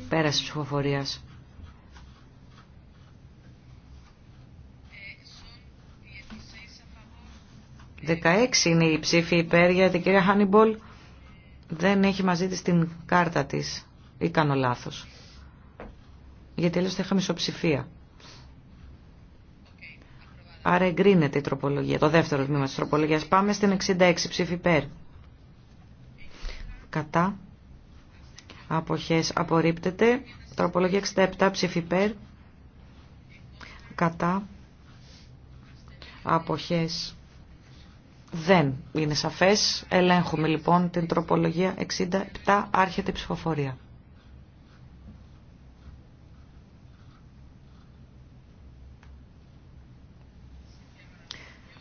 Πέραση ψηφοφορία. 16 είναι η ψήφη υπέρ γιατί η κυρία Χάνιμπολ δεν έχει μαζί της την κάρτα της ή κάνω λάθος. Γιατί αλλιώς θα είχαμε ισοψηφία. Άρα εγκρίνεται η κανω λαθος γιατι ελεγε θα ειχαμε ισοψηφια αρα εγκρινεται η τροπολογια το δεύτερο τμήμα της τροπολογίας. Πάμε στην 66 ψήφη υπέρ. Κατά αποχές απορρίπτεται. Τροπολογία 67 ψήφι Κατά αποχές δεν είναι σαφές. Ελέγχουμε λοιπόν την τροπολογία 67. Άρχεται η ψηφοφορία.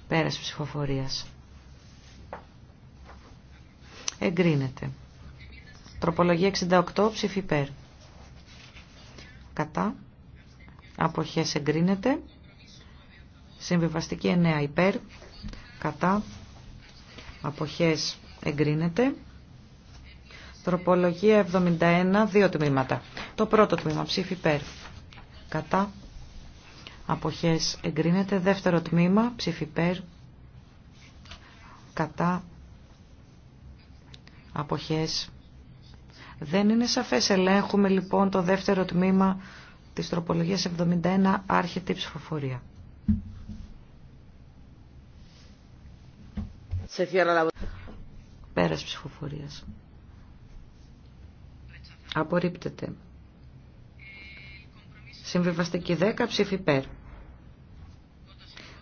Πέρας ψηφοφορίας. Εγκρίνεται. Τροπολογία 68 ψήφι υπέρ. Κατά. Αποχές εγκρίνεται. Συμβιβαστική 9 υπέρ. Κατά. Αποχές εγκρίνεται. Τροπολογία 71, δύο τμήματα. Το πρώτο τμήμα ψήφι υπέρ. Κατά. Αποχές εγκρίνεται. Δεύτερο τμήμα ψήφι υπέρ. Κατά. Αποχές δεν είναι σαφές. Ελέγχουμε λοιπόν το δεύτερο τμήμα της τροπολογίας 71 άρχεται η ψηφοφορία. Σε Πέρας ψηφοφορίας. Απορρίπτεται. Συμβιβαστική 10 ψήφι ΠΕΡ.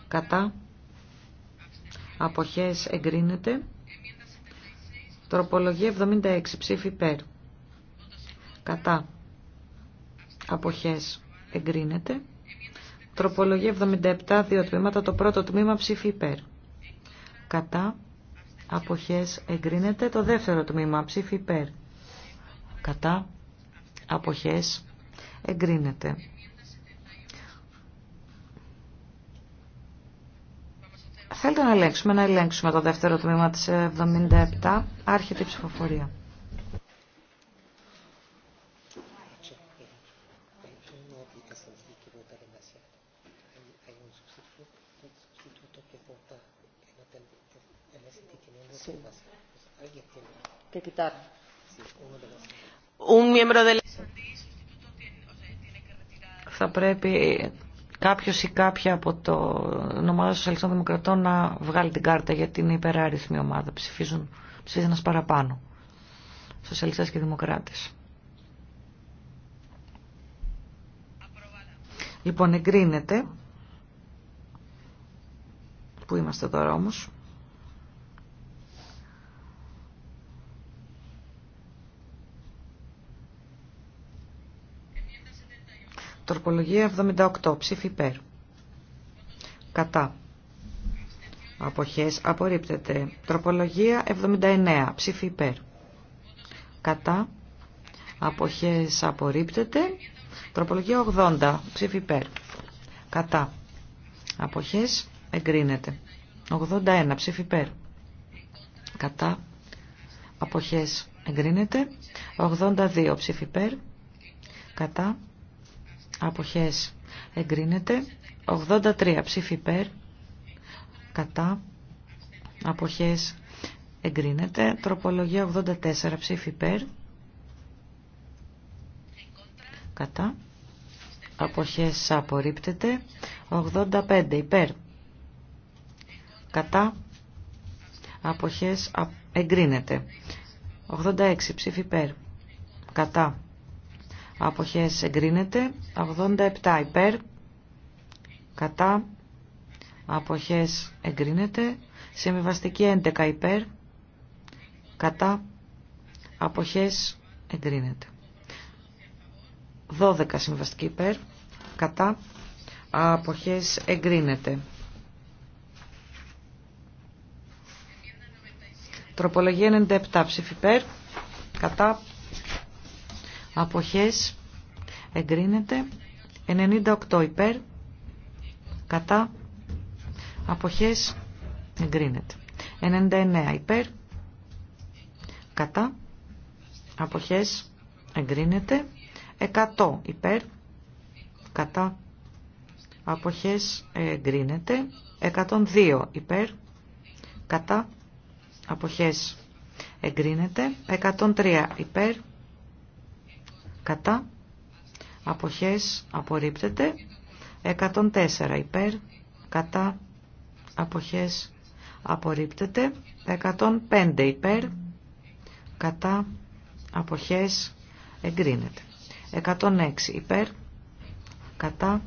Κατά. Αποχές εγκρίνεται. Τροπολογία 76 ψήφι ΠΕΡ κατά αποχές εγκρίνεται. Τροπολογία 77, δύο τμήματα, το πρώτο τμήμα ψήφι υπέρ. Κατά αποχές εγκρίνεται το δεύτερο τμήμα ψήφι υπέρ. Κατά αποχές εγκρίνεται. Θέλετε να ελέγξουμε, να ελέγξουμε το δεύτερο τμήμα της 77, άρχεται η ψηφοφορία. Θα πρέπει κάποιος ή κάποια από το ομάδα των Σοσιαλιστών Δημοκρατών να βγάλει την κάρτα γιατί είναι υπεράριθμη ομάδα. Ψηφίζουν, ψηφίζει ένας παραπάνω. Σοσιαλιστές και Δημοκράτες. Λοιπόν, εγκρίνεται. Πού είμαστε τώρα όμως. Τροπολογία 78. Ψήφι υπέρ. Κατά. Αποχές απορρίπτεται. Τροπολογία 79. Ψήφι υπέρ. Κατά. Αποχές απορρίπτεται. Τροπολογία 80. Ψήφι υπέρ. Κατά. Αποχές εγκρίνεται. 81. Ψήφι υπέρ. Κατά. Αποχές εγκρίνεται. 82. Ψήφι υπέρ. Κατά. Αποχές εγκρίνεται. 83 ψήφι υπέρ. Κατά. Αποχές εγκρίνεται. Τροπολογία 84 ψήφι υπέρ. Κατά. Αποχές απορρίπτεται. 85 υπέρ. Κατά. Αποχές εγκρίνεται. 86 ψήφι υπέρ. Κατά αποχές εγκρίνεται 87 υπέρ κατά αποχές εγκρίνεται συμβιβαστική 11 υπέρ κατά αποχές εγκρίνεται 12 συμβαστική υπέρ κατά αποχές εγκρίνεται Τροπολογία 97 ψήφι υπέρ κατά αποχές εγκρίνεται 98 υπέρ κατά αποχές εγκρίνεται 99 υπέρ κατά αποχές εγκρίνεται 100 υπέρ κατά αποχές εγκρίνεται 102 υπέρ κατά αποχές εγκρίνεται 103 υπέρ κατά αποχές απορρίπτεται 104 υπέρ κατά αποχές απορρίπτεται 105 υπέρ κατά αποχές εγκρίνεται 106 υπέρ κατά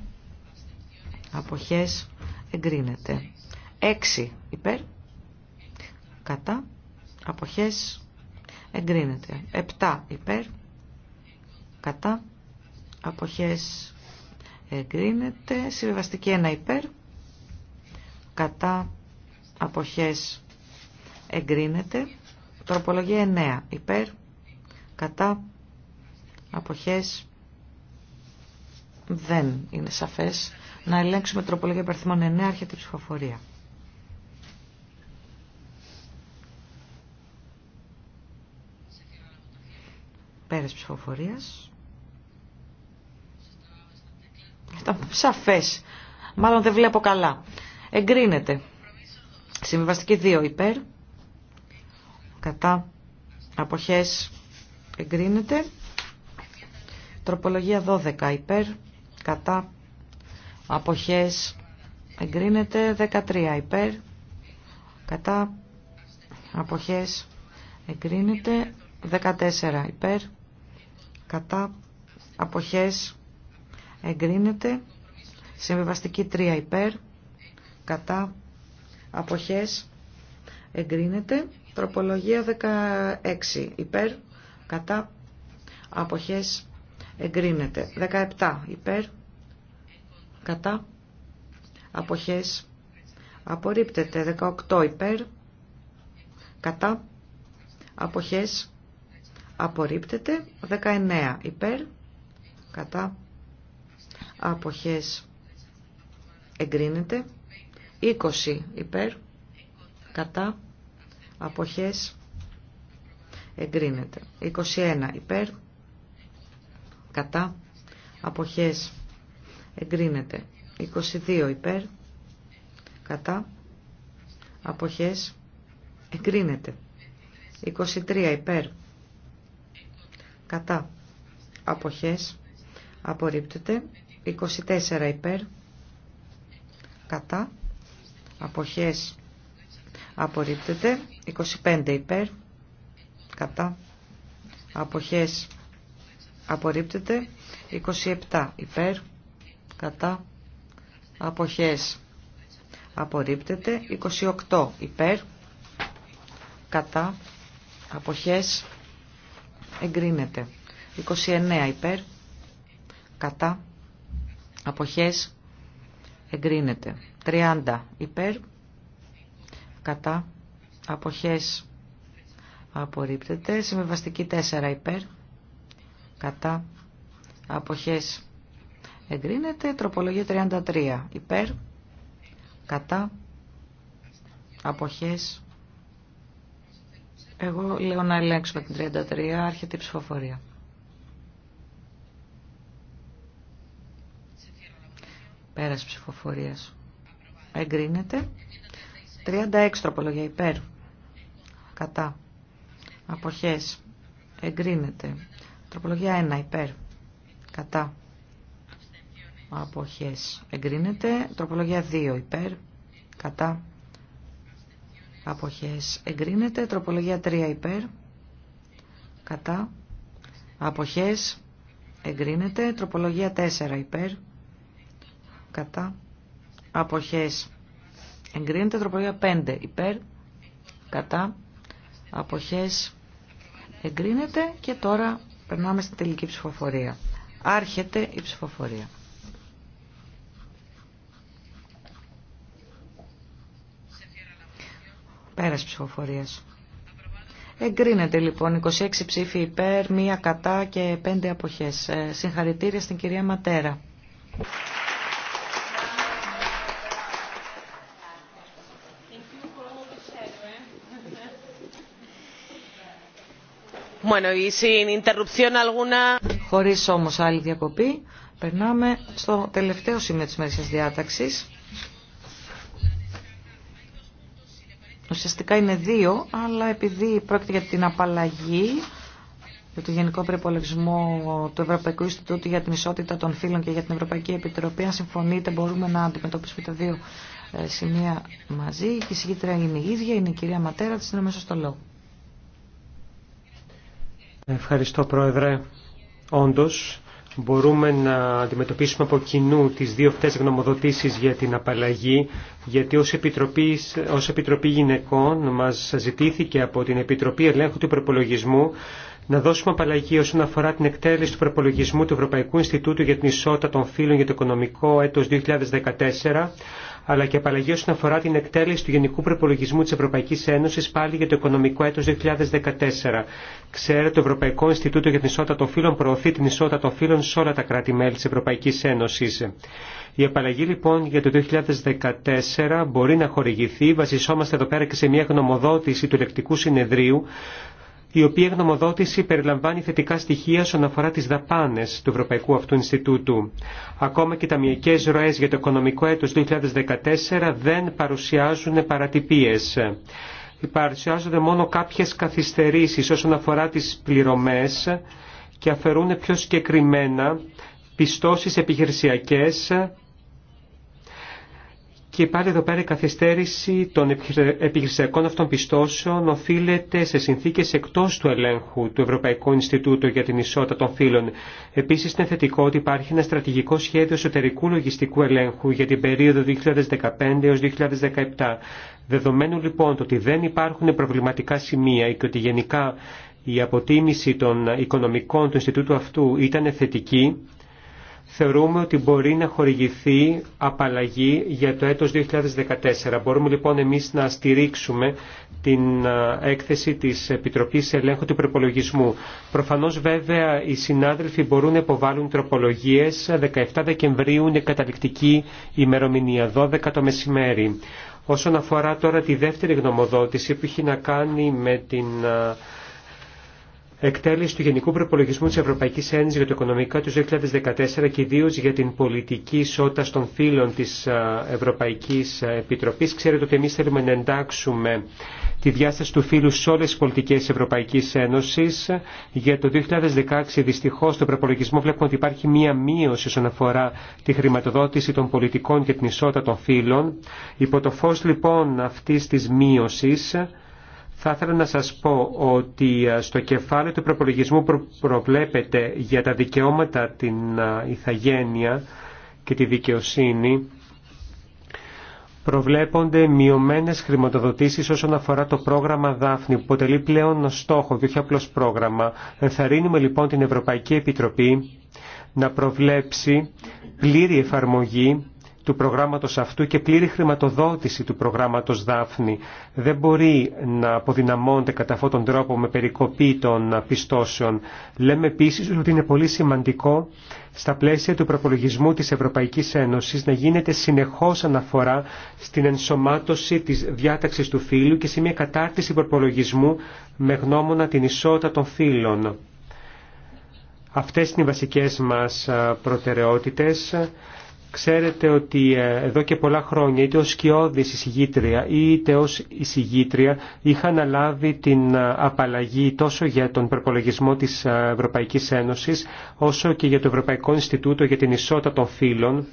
αποχές εγκρίνεται 6 υπέρ κατά αποχές εγκρίνεται 7 υπέρ κατά αποχές εγκρίνεται συμβιβαστική 1 υπέρ κατά αποχές εγκρίνεται τροπολογία 9 υπέρ κατά αποχές δεν είναι σαφές να ελέγξουμε τροπολογία υπερθυμών 9 άρχεται ψηφοφορία πέρας ψηφοφορίας ήταν σαφές. Μάλλον δεν βλέπω καλά. Εγκρίνεται. Συμβιβαστική 2 υπέρ. Κατά. Αποχές. Εγκρίνεται. Τροπολογία 12 υπέρ. Κατά. Αποχές. Εγκρίνεται. 13 υπέρ. Κατά. Αποχές. Εγκρίνεται. 14 υπέρ. Κατά. Αποχές εγκρίνεται. Συμβιβαστική 3 υπέρ, κατά, αποχές, εγκρίνεται. Τροπολογία 16 υπέρ, κατά, αποχές, εγκρίνεται. 17 υπέρ, κατά, αποχές, απορρίπτεται. 18 υπέρ, κατά, αποχές, απορρίπτεται. 19 υπέρ, κατά, αποχές εγκρίνεται 20 υπέρ κατά αποχές εγκρίνεται 21 υπέρ κατά αποχές εγκρίνεται 22 υπέρ κατά αποχές εγκρίνεται 23 υπέρ κατά αποχές απορρίπτεται 24 υπέρ κατά αποχές απορρίπτεται 25 υπέρ κατά αποχές απορρίπτεται 27 υπέρ κατά αποχές απορρίπτεται 28 υπέρ κατά αποχές εγκρίνεται 29 υπέρ κατά Αποχές εγκρίνεται. 30 υπέρ. Κατά. Αποχές απορρίπτεται. Συμβεβαστική 4 υπέρ. Κατά. Αποχές εγκρίνεται. Τροπολογία 33 υπέρ. Κατά. Αποχές. Εγώ λέω να ελέγξουμε την 33. Άρχεται η ψηφοφορία. Πέρας ψηφοφορίας. Εγκρίνεται. 36 τροπολογία υπέρ. Κατά. Αποχές. Εγκρίνεται. Τροπολογία 1 υπέρ. Κατά. Αποχές. Εγκρίνεται. Τροπολογία 2 υπέρ. Κατά. Αποχές. Εγκρίνεται. Τροπολογία 3 υπέρ. Κατά. Αποχές. Εγκρίνεται. Τροπολογία 4 υπέρ κατά αποχές εγκρίνεται τροπολογία 5 υπέρ κατά αποχές εγκρίνεται και τώρα περνάμε στην τελική ψηφοφορία άρχεται η ψηφοφορία πέρας ψηφοφορίας Εγκρίνεται λοιπόν 26 ψήφοι υπέρ, μία κατά και 5 αποχές. Ε, συγχαρητήρια στην κυρία Ματέρα. Bueno, y Χωρίς όμως άλλη διακοπή, περνάμε στο τελευταίο σημείο της μέρης διάταξης. Ουσιαστικά είναι δύο, αλλά επειδή πρόκειται για την απαλλαγή για το Γενικό Προπολογισμό του Ευρωπαϊκού Ινστιτούτου για την Ισότητα των Φύλων και για την Ευρωπαϊκή Επιτροπή, αν συμφωνείτε, μπορούμε να αντιμετωπίσουμε τα δύο ε, σημεία μαζί. Η συγκίτρια είναι η ίδια, είναι η κυρία Ματέρα, τη είναι μέσα στο λόγο. Ευχαριστώ Πρόεδρε. Όντως, μπορούμε να αντιμετωπίσουμε από κοινού τις δύο αυτές γνωμοδοτήσεις για την απαλλαγή, γιατί ως Επιτροπή, ως Επιτροπή Γυναικών μας ζητήθηκε από την Επιτροπή Ελέγχου του Προπολογισμού να δώσουμε απαλλαγή όσον αφορά την εκτέλεση του προπολογισμού του Ευρωπαϊκού Ινστιτούτου για την Ισότητα των Φύλων για το Οικονομικό έτος 2014, αλλά και απαλλαγή όσον αφορά την εκτέλεση του Γενικού Προπολογισμού τη Ευρωπαϊκή Ένωση πάλι για το οικονομικό έτος 2014. Ξέρετε, το Ευρωπαϊκό Ινστιτούτο για την Ισότητα των Φύλων προωθεί την ισότητα των φύλων σε όλα τα κράτη-μέλη τη Ευρωπαϊκή Ένωση. Η απαλλαγή λοιπόν για το 2014 μπορεί να χορηγηθεί, βασισόμαστε εδώ πέρα και σε μια γνωμοδότηση του Ελεκτικού Συνεδρίου, η οποία γνωμοδότηση περιλαμβάνει θετικά στοιχεία όσον αφορά τις δαπάνες του Ευρωπαϊκού Αυτού Ινστιτούτου. Ακόμα και τα μυϊκές ροές για το οικονομικό έτος 2014 δεν παρουσιάζουν παρατυπίες. Παρουσιάζονται μόνο κάποιες καθυστερήσεις όσον αφορά τις πληρωμές και αφαιρούν πιο συγκεκριμένα πιστώσεις επιχειρησιακές και πάλι εδώ πέρα η καθυστέρηση των επιχειρησιακών αυτών πιστώσεων οφείλεται σε συνθήκες εκτός του ελέγχου του Ευρωπαϊκού Ινστιτούτου για την Ισότητα των Φύλων. Επίσης είναι θετικό ότι υπάρχει ένα στρατηγικό σχέδιο εσωτερικού λογιστικού ελέγχου για την περίοδο 2015 έω 2017. Δεδομένου λοιπόν ότι δεν υπάρχουν προβληματικά σημεία και ότι γενικά η αποτίμηση των οικονομικών του Ινστιτούτου αυτού ήταν θετική, θεωρούμε ότι μπορεί να χορηγηθεί απαλλαγή για το έτος 2014. Μπορούμε λοιπόν εμείς να στηρίξουμε την ε, έκθεση της Επιτροπής Ελέγχου του Προπολογισμού. Προφανώς βέβαια οι συνάδελφοι μπορούν να υποβάλουν τροπολογίες. 17 Δεκεμβρίου είναι καταληκτική ημερομηνία, 12 το μεσημέρι. Όσον αφορά τώρα τη δεύτερη γνωμοδότηση που έχει να κάνει με την ε, εκτέλεση του Γενικού Προπολογισμού της Ευρωπαϊκής Ένωσης για το οικονομικό του 2014 και ιδίω για την πολιτική ισότητα των φύλων της ε, Ευρωπαϊκής ε, Επιτροπής. Ξέρετε ότι εμείς θέλουμε να εντάξουμε τη διάσταση του φύλου σε όλες τις πολιτικές της Ευρωπαϊκής Ένωσης. Για το 2016 δυστυχώς στο προπολογισμό βλέπουμε ότι υπάρχει μία μείωση όσον αφορά τη χρηματοδότηση των πολιτικών και την ισότητα των φύλων. Υπό το φως λοιπόν αυτής της μείωσης θα ήθελα να σας πω ότι ε, στο κεφάλαιο του προπολογισμού προβλέπεται για τα δικαιώματα την ε, ηθαγένεια και τη δικαιοσύνη προβλέπονται μειωμένε χρηματοδοτήσεις όσον αφορά το πρόγραμμα Δάφνη, που αποτελεί πλέον στόχο και όχι απλώ πρόγραμμα. Ενθαρρύνουμε λοιπόν την Ευρωπαϊκή Επιτροπή να προβλέψει πλήρη εφαρμογή του προγράμματος αυτού και πλήρη χρηματοδότηση του προγράμματος Δάφνη. Δεν μπορεί να αποδυναμώνεται κατά αυτόν τον τρόπο με περικοπή των πιστώσεων. Λέμε επίσης ότι είναι πολύ σημαντικό στα πλαίσια του προπολογισμού της Ευρωπαϊκής Ένωσης να γίνεται συνεχώς αναφορά στην ενσωμάτωση της διάταξης του φύλου και σε μια κατάρτιση προπολογισμού με γνώμονα την ισότητα των φύλων. Αυτές είναι οι βασικές μας προτεραιότητες Ξέρετε ότι ε, εδώ και πολλά χρόνια είτε ως σκιώδης εισηγήτρια είτε ως εισηγήτρια είχα αναλάβει την ε, απαλλαγή τόσο για τον προπολογισμό της ε, Ευρωπαϊκής Ένωσης όσο και για το Ευρωπαϊκό Ινστιτούτο για την Ισότητα των Φύλων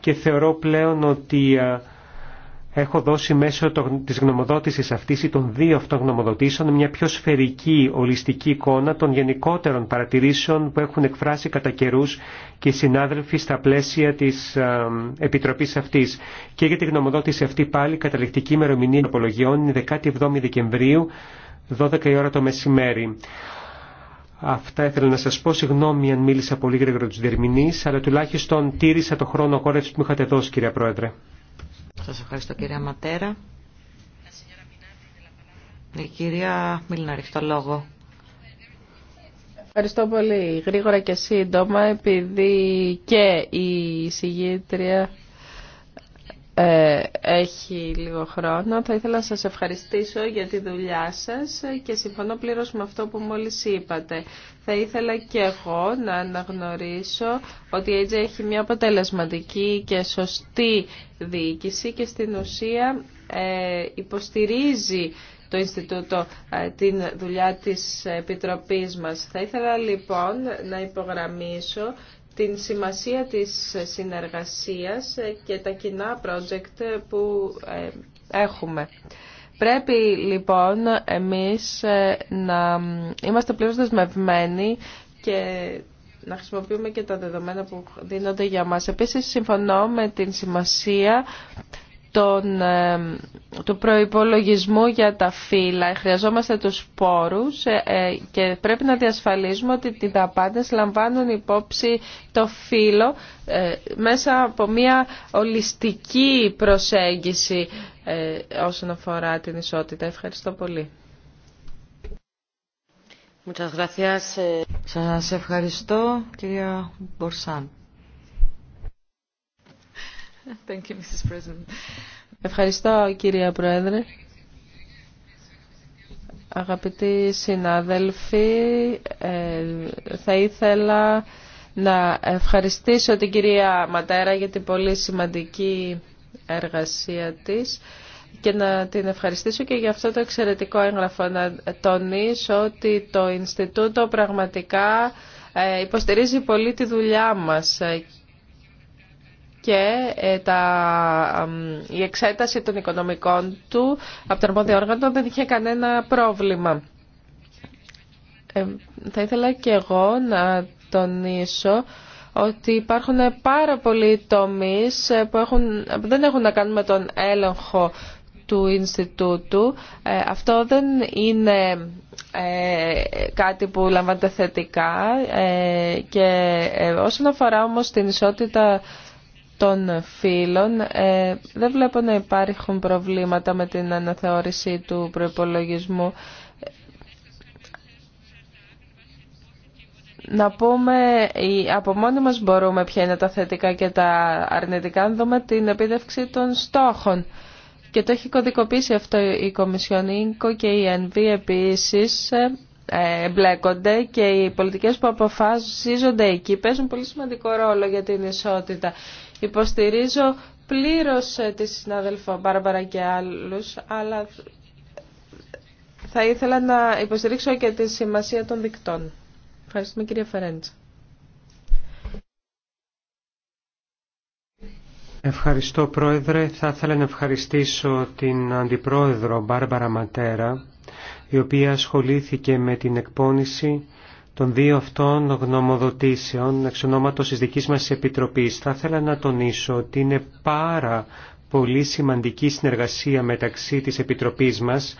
και θεωρώ πλέον ότι έχω δώσει μέσω της γνωμοδότησης αυτής ή των δύο αυτών γνωμοδοτήσεων μια πιο σφαιρική, ολιστική εικόνα των γενικότερων παρατηρήσεων που έχουν εκφράσει κατά καιρού και οι συνάδελφοι στα πλαίσια της α, Επιτροπής αυτής. Και για τη γνωμοδότηση αυτή πάλι καταληκτική ημερομηνία απολογιών είναι 17 Δεκεμβρίου, 12 η ώρα το μεσημέρι. Αυτά ήθελα να σας πω. Συγγνώμη αν μίλησα πολύ γρήγορα τους διερμηνείς, αλλά τουλάχιστον τήρησα το χρόνο κόρευση που μου είχατε δώσει, κύριε Πρόεδρε. Σας ευχαριστώ κυρία Ματέρα. Η κυρία Μίλνα το λόγο. Ευχαριστώ πολύ. Γρήγορα και σύντομα, επειδή και η συγγήτρια ε, έχει λίγο χρόνο. Θα ήθελα να σας ευχαριστήσω για τη δουλειά σας και συμφωνώ πλήρως με αυτό που μόλις είπατε. Θα ήθελα και εγώ να αναγνωρίσω ότι η AJ έχει μια αποτελεσματική και σωστή διοίκηση και στην ουσία ε, υποστηρίζει το Ινστιτούτο ε, την δουλειά της Επιτροπής μας. Θα ήθελα λοιπόν να υπογραμμίσω την σημασία της συνεργασίας και τα κοινά project που ε, έχουμε. Πρέπει λοιπόν εμείς ε, να είμαστε πλήρως δεσμευμένοι και να χρησιμοποιούμε και τα δεδομένα που δίνονται για μας. Επίσης συμφωνώ με την σημασία τον, ε, του προϋπολογισμού για τα φύλλα. Χρειαζόμαστε τους πόρους ε, ε, και πρέπει να διασφαλίσουμε ότι οι δαπάντες λαμβάνουν υπόψη το φύλλο μέσα από μια ολιστική προσέγγιση όσον αφορά την ισότητα. Ευχαριστώ πολύ. Σας ευχαριστώ κυρία Μπορσάν. Ευχαριστώ κυρία Πρόεδρε. Αγαπητοί συνάδελφοι, ε, θα ήθελα να ευχαριστήσω την κυρία Ματέρα για την πολύ σημαντική εργασία της και να την ευχαριστήσω και για αυτό το εξαιρετικό έγγραφο. Να τονίσω ότι το Ινστιτούτο πραγματικά ε, υποστηρίζει πολύ τη δουλειά μας και ε, η εξέταση των οικονομικών του από τα αρμόδιο όργανο δεν είχε κανένα πρόβλημα. Ε, θα ήθελα και εγώ να τονίσω ότι υπάρχουν πάρα πολλοί τομείς ε, που, έχουν, δεν έχουν να κάνουν με τον έλεγχο του Ινστιτούτου. αυτό δεν είναι ε, κάτι που λαμβάνεται θετικά και όσον αφορά όμως την ισότητα των φύλων. Ε, δεν βλέπω να υπάρχουν προβλήματα με την αναθεώρηση του προϋπολογισμού. Να πούμε, από μόνοι μας μπορούμε ποια είναι τα θετικά και τα αρνητικά, να δούμε την επίδευξη των στόχων. Και το έχει κωδικοποιήσει αυτό η Κομισιόν Ίνκο και η ΕΝΒΗ επίσης ε, εμπλέκονται και οι πολιτικές που αποφασίζονται εκεί παίζουν πολύ σημαντικό ρόλο για την ισότητα. Υποστηρίζω πλήρως ε, τη συνάδελφο Μπάρμπαρα και άλλους, αλλά θα ήθελα να υποστηρίξω και τη σημασία των δικτών. Ευχαριστούμε κυρία Φερέντσα. Ευχαριστώ Πρόεδρε. Θα ήθελα να ευχαριστήσω την Αντιπρόεδρο Μπάρμπαρα Ματέρα, η οποία ασχολήθηκε με την εκπόνηση των δύο αυτών γνωμοδοτήσεων εξ ονόματος της δικής μας Επιτροπής θα ήθελα να τονίσω ότι είναι πάρα πολύ σημαντική συνεργασία μεταξύ της Επιτροπής μας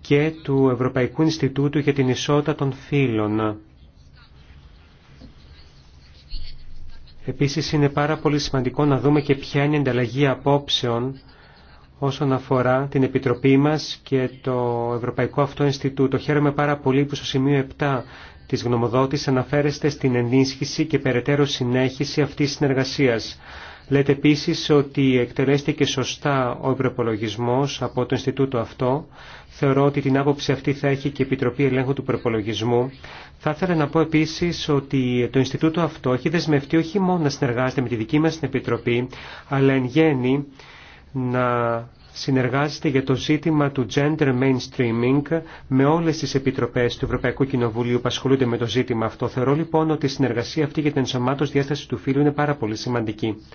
και του Ευρωπαϊκού Ινστιτούτου για την Ισότητα των Φύλων. Επίσης είναι πάρα πολύ σημαντικό να δούμε και ποια είναι η ανταλλαγή απόψεων όσον αφορά την Επιτροπή μας και το Ευρωπαϊκό Αυτό Ινστιτούτο. Χαίρομαι πάρα πολύ που στο σημείο 7 της γνωμοδότης αναφέρεστε στην ενίσχυση και περαιτέρω συνέχιση αυτής της συνεργασίας. Λέτε επίση ότι εκτελέστηκε σωστά ο προπολογισμό από το Ινστιτούτο αυτό. Θεωρώ ότι την άποψη αυτή θα έχει και η Επιτροπή Ελέγχου του Προπολογισμού. Θα ήθελα να πω επίσης ότι το Ινστιτούτο αυτό έχει δεσμευτεί όχι μόνο να συνεργάζεται με τη δική μα Επιτροπή, αλλά εν γέννη να συνεργάζεται για το ζήτημα του gender mainstreaming με όλες τις επιτροπές του Ευρωπαϊκού Κοινοβουλίου που ασχολούνται με το ζήτημα αυτό. Θεωρώ λοιπόν ότι η συνεργασία αυτή για την ενσωμάτωση διάσταση του φύλου είναι πάρα πολύ σημαντική.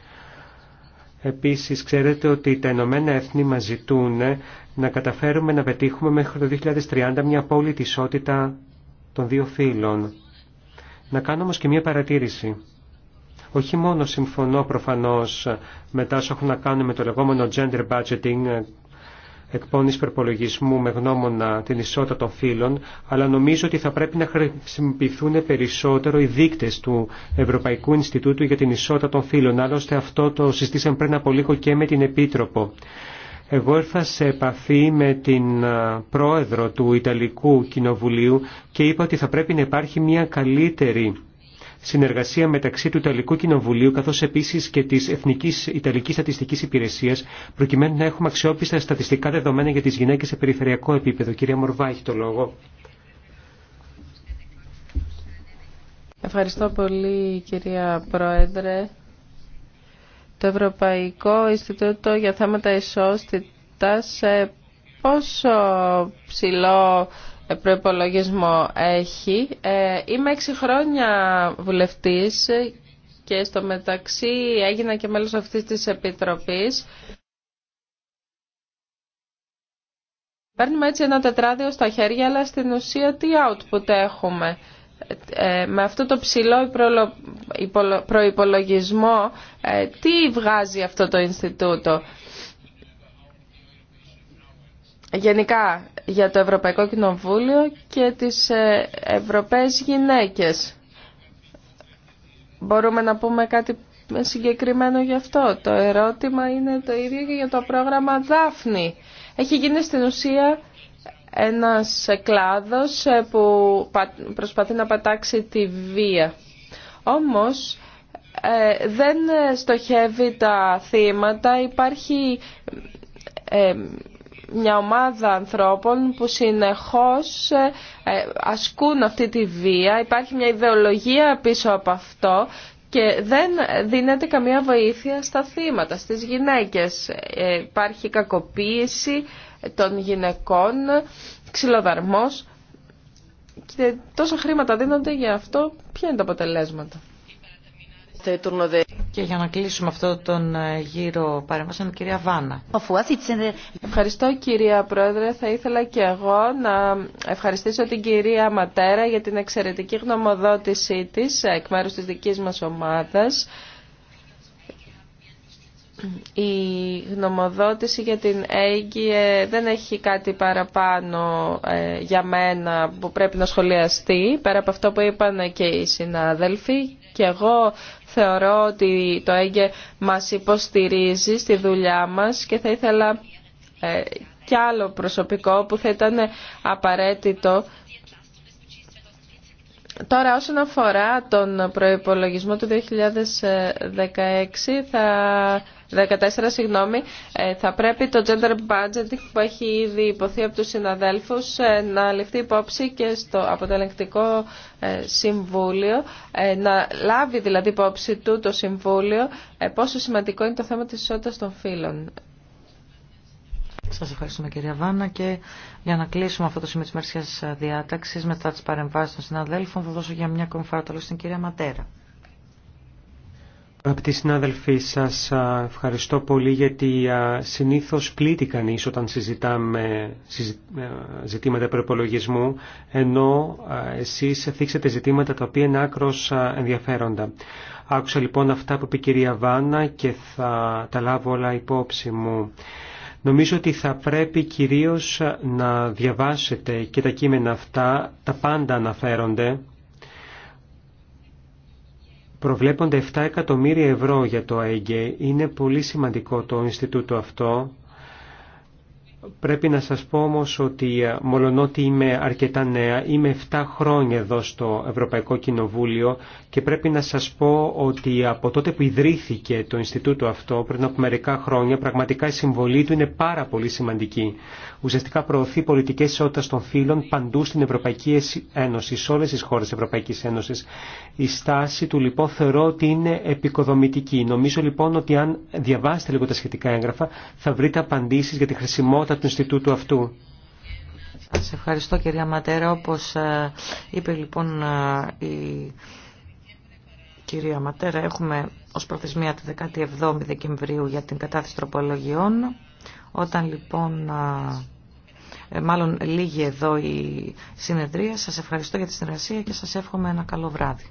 Επίσης, ξέρετε ότι τα Ηνωμένα Έθνη μας ζητούν να καταφέρουμε να πετύχουμε μέχρι το 2030 μια απόλυτη ισότητα των δύο φύλων. Να κάνω όμως και μια παρατήρηση. Όχι μόνο συμφωνώ προφανώς με τα όσα έχουν να κάνουν με το λεγόμενο gender budgeting, ε, εκπόνηση προπολογισμού με γνώμονα την ισότητα των φύλων, αλλά νομίζω ότι θα πρέπει να χρησιμοποιηθούν περισσότερο οι δείκτες του Ευρωπαϊκού Ινστιτούτου για την ισότητα των φύλων. Άλλωστε αυτό το συστήσαμε πριν από λίγο και με την Επίτροπο. Εγώ ήρθα σε επαφή με την ε, πρόεδρο του Ιταλικού Κοινοβουλίου και είπα ότι θα πρέπει να υπάρχει μια καλύτερη συνεργασία μεταξύ του Ιταλικού Κοινοβουλίου καθώς επίσης και της Εθνικής Ιταλικής Στατιστικής Υπηρεσίας προκειμένου να έχουμε αξιόπιστα στατιστικά δεδομένα για τις γυναίκες σε περιφερειακό επίπεδο. Κυρία Μορβά, έχει το λόγο. Ευχαριστώ πολύ κυρία Πρόεδρε. Το Ευρωπαϊκό Ινστιτούτο για θέματα ισότητας ε, πόσο ψηλό προπολογισμό έχει. Ε, είμαι έξι χρόνια βουλευτής και στο μεταξύ έγινα και μέλος αυτής της επιτροπής. Παίρνουμε έτσι ένα τετράδιο στα χέρια, αλλά στην ουσία τι output έχουμε. Ε, με αυτό το ψηλό προϋπολογισμό, ε, τι βγάζει αυτό το Ινστιτούτο γενικά για το Ευρωπαϊκό Κοινοβούλιο και τις ε, Ευρωπαίες γυναίκες. Μπορούμε να πούμε κάτι συγκεκριμένο γι' αυτό. Το ερώτημα είναι το ίδιο και για το πρόγραμμα Δάφνη. Έχει γίνει στην ουσία ένας κλάδος ε, που προσπαθεί να πατάξει τη βία. Όμως ε, δεν στοχεύει τα θύματα, υπάρχει μια ομάδα ανθρώπων που συνεχώς ε, ασκούν αυτή τη βία. Υπάρχει μια ιδεολογία πίσω από αυτό και δεν δίνεται καμία βοήθεια στα θύματα, στις γυναίκες. Ε, υπάρχει κακοποίηση των γυναικών, ξυλοδαρμός και τόσα χρήματα δίνονται για αυτό. Ποια είναι τα αποτελέσματα. Και για να κλείσουμε αυτό τον ε, γύρο η κυρία Βάνα. Ευχαριστώ κυρία Πρόεδρε. Θα ήθελα και εγώ να ευχαριστήσω την κυρία Ματέρα για την εξαιρετική γνωμοδότησή της εκ μέρους της δικής μας ομάδας. Η γνωμοδότηση για την ΑΕΚΙΕ δεν έχει κάτι παραπάνω ε, για μένα που πρέπει να σχολιαστεί, πέρα από αυτό που είπαν και οι συνάδελφοι και εγώ θεωρώ ότι το ΕΓΕ μας υποστηρίζει στη δουλειά μας και θα ήθελα ε, κι άλλο προσωπικό που θα ήταν απαραίτητο Τώρα όσον αφορά τον προϋπολογισμό του 2016 θα 14, συγγνώμη, ε, θα πρέπει το gender budgeting που έχει ήδη υποθεί από τους συναδέλφους ε, να ληφθεί υπόψη και στο αποτελεκτικό ε, συμβούλιο, να λάβει δηλαδή υπόψη του το συμβούλιο πόσο σημαντικό είναι το θέμα της ισότητας των φύλων. Σας ευχαριστούμε κυρία Βάνα και για να κλείσουμε αυτό το σημείο της μερσιάς διάταξης μετά τις παρεμβάσεις των συναδέλφων θα δώσω για μια ακόμη φορά το λόγο στην κυρία Ματέρα. Αγαπητοί συνάδελφοί, σας ευχαριστώ πολύ γιατί συνήθως πλήττει κανείς όταν συζητάμε ζητήματα προπολογισμού, ενώ εσείς θίξετε ζητήματα τα οποία είναι άκρος ενδιαφέροντα. Άκουσα λοιπόν αυτά που είπε η κυρία Βάνα και θα τα λάβω όλα υπόψη μου. Νομίζω ότι θα πρέπει κυρίως να διαβάσετε και τα κείμενα αυτά, τα πάντα αναφέρονται προβλέπονται 7 εκατομμύρια ευρώ για το ΑΕΓΕ. Είναι πολύ σημαντικό το Ινστιτούτο αυτό. Πρέπει να σας πω όμως ότι ε, μολονότι είμαι αρκετά νέα, είμαι 7 χρόνια εδώ στο Ευρωπαϊκό Κοινοβούλιο και πρέπει να σας πω ότι από τότε που ιδρύθηκε το Ινστιτούτο αυτό, πριν από μερικά χρόνια, πραγματικά η συμβολή του είναι πάρα πολύ σημαντική ουσιαστικά προωθεί πολιτικέ ισότητα των φύλων παντού στην Ευρωπαϊκή Ένωση, σε όλε τι χώρε Ευρωπαϊκή Ένωση. Η στάση του λοιπόν θεωρώ ότι είναι επικοδομητική. Νομίζω λοιπόν ότι αν διαβάσετε λίγο τα σχετικά έγγραφα θα βρείτε απαντήσει για τη χρησιμότητα του Ινστιτούτου αυτού. Σας ευχαριστώ κυρία Ματέρα. Όπως ε, είπε λοιπόν ε, η κυρία Ματέρα, έχουμε ως προθεσμία τη 17η Δεκεμβρίου για την κατάθεση τροπολογιών. Όταν λοιπόν ε, μάλλον λίγη εδώ η συνεδρία, σας ευχαριστώ για τη συνεργασία και σας εύχομαι ένα καλό βράδυ.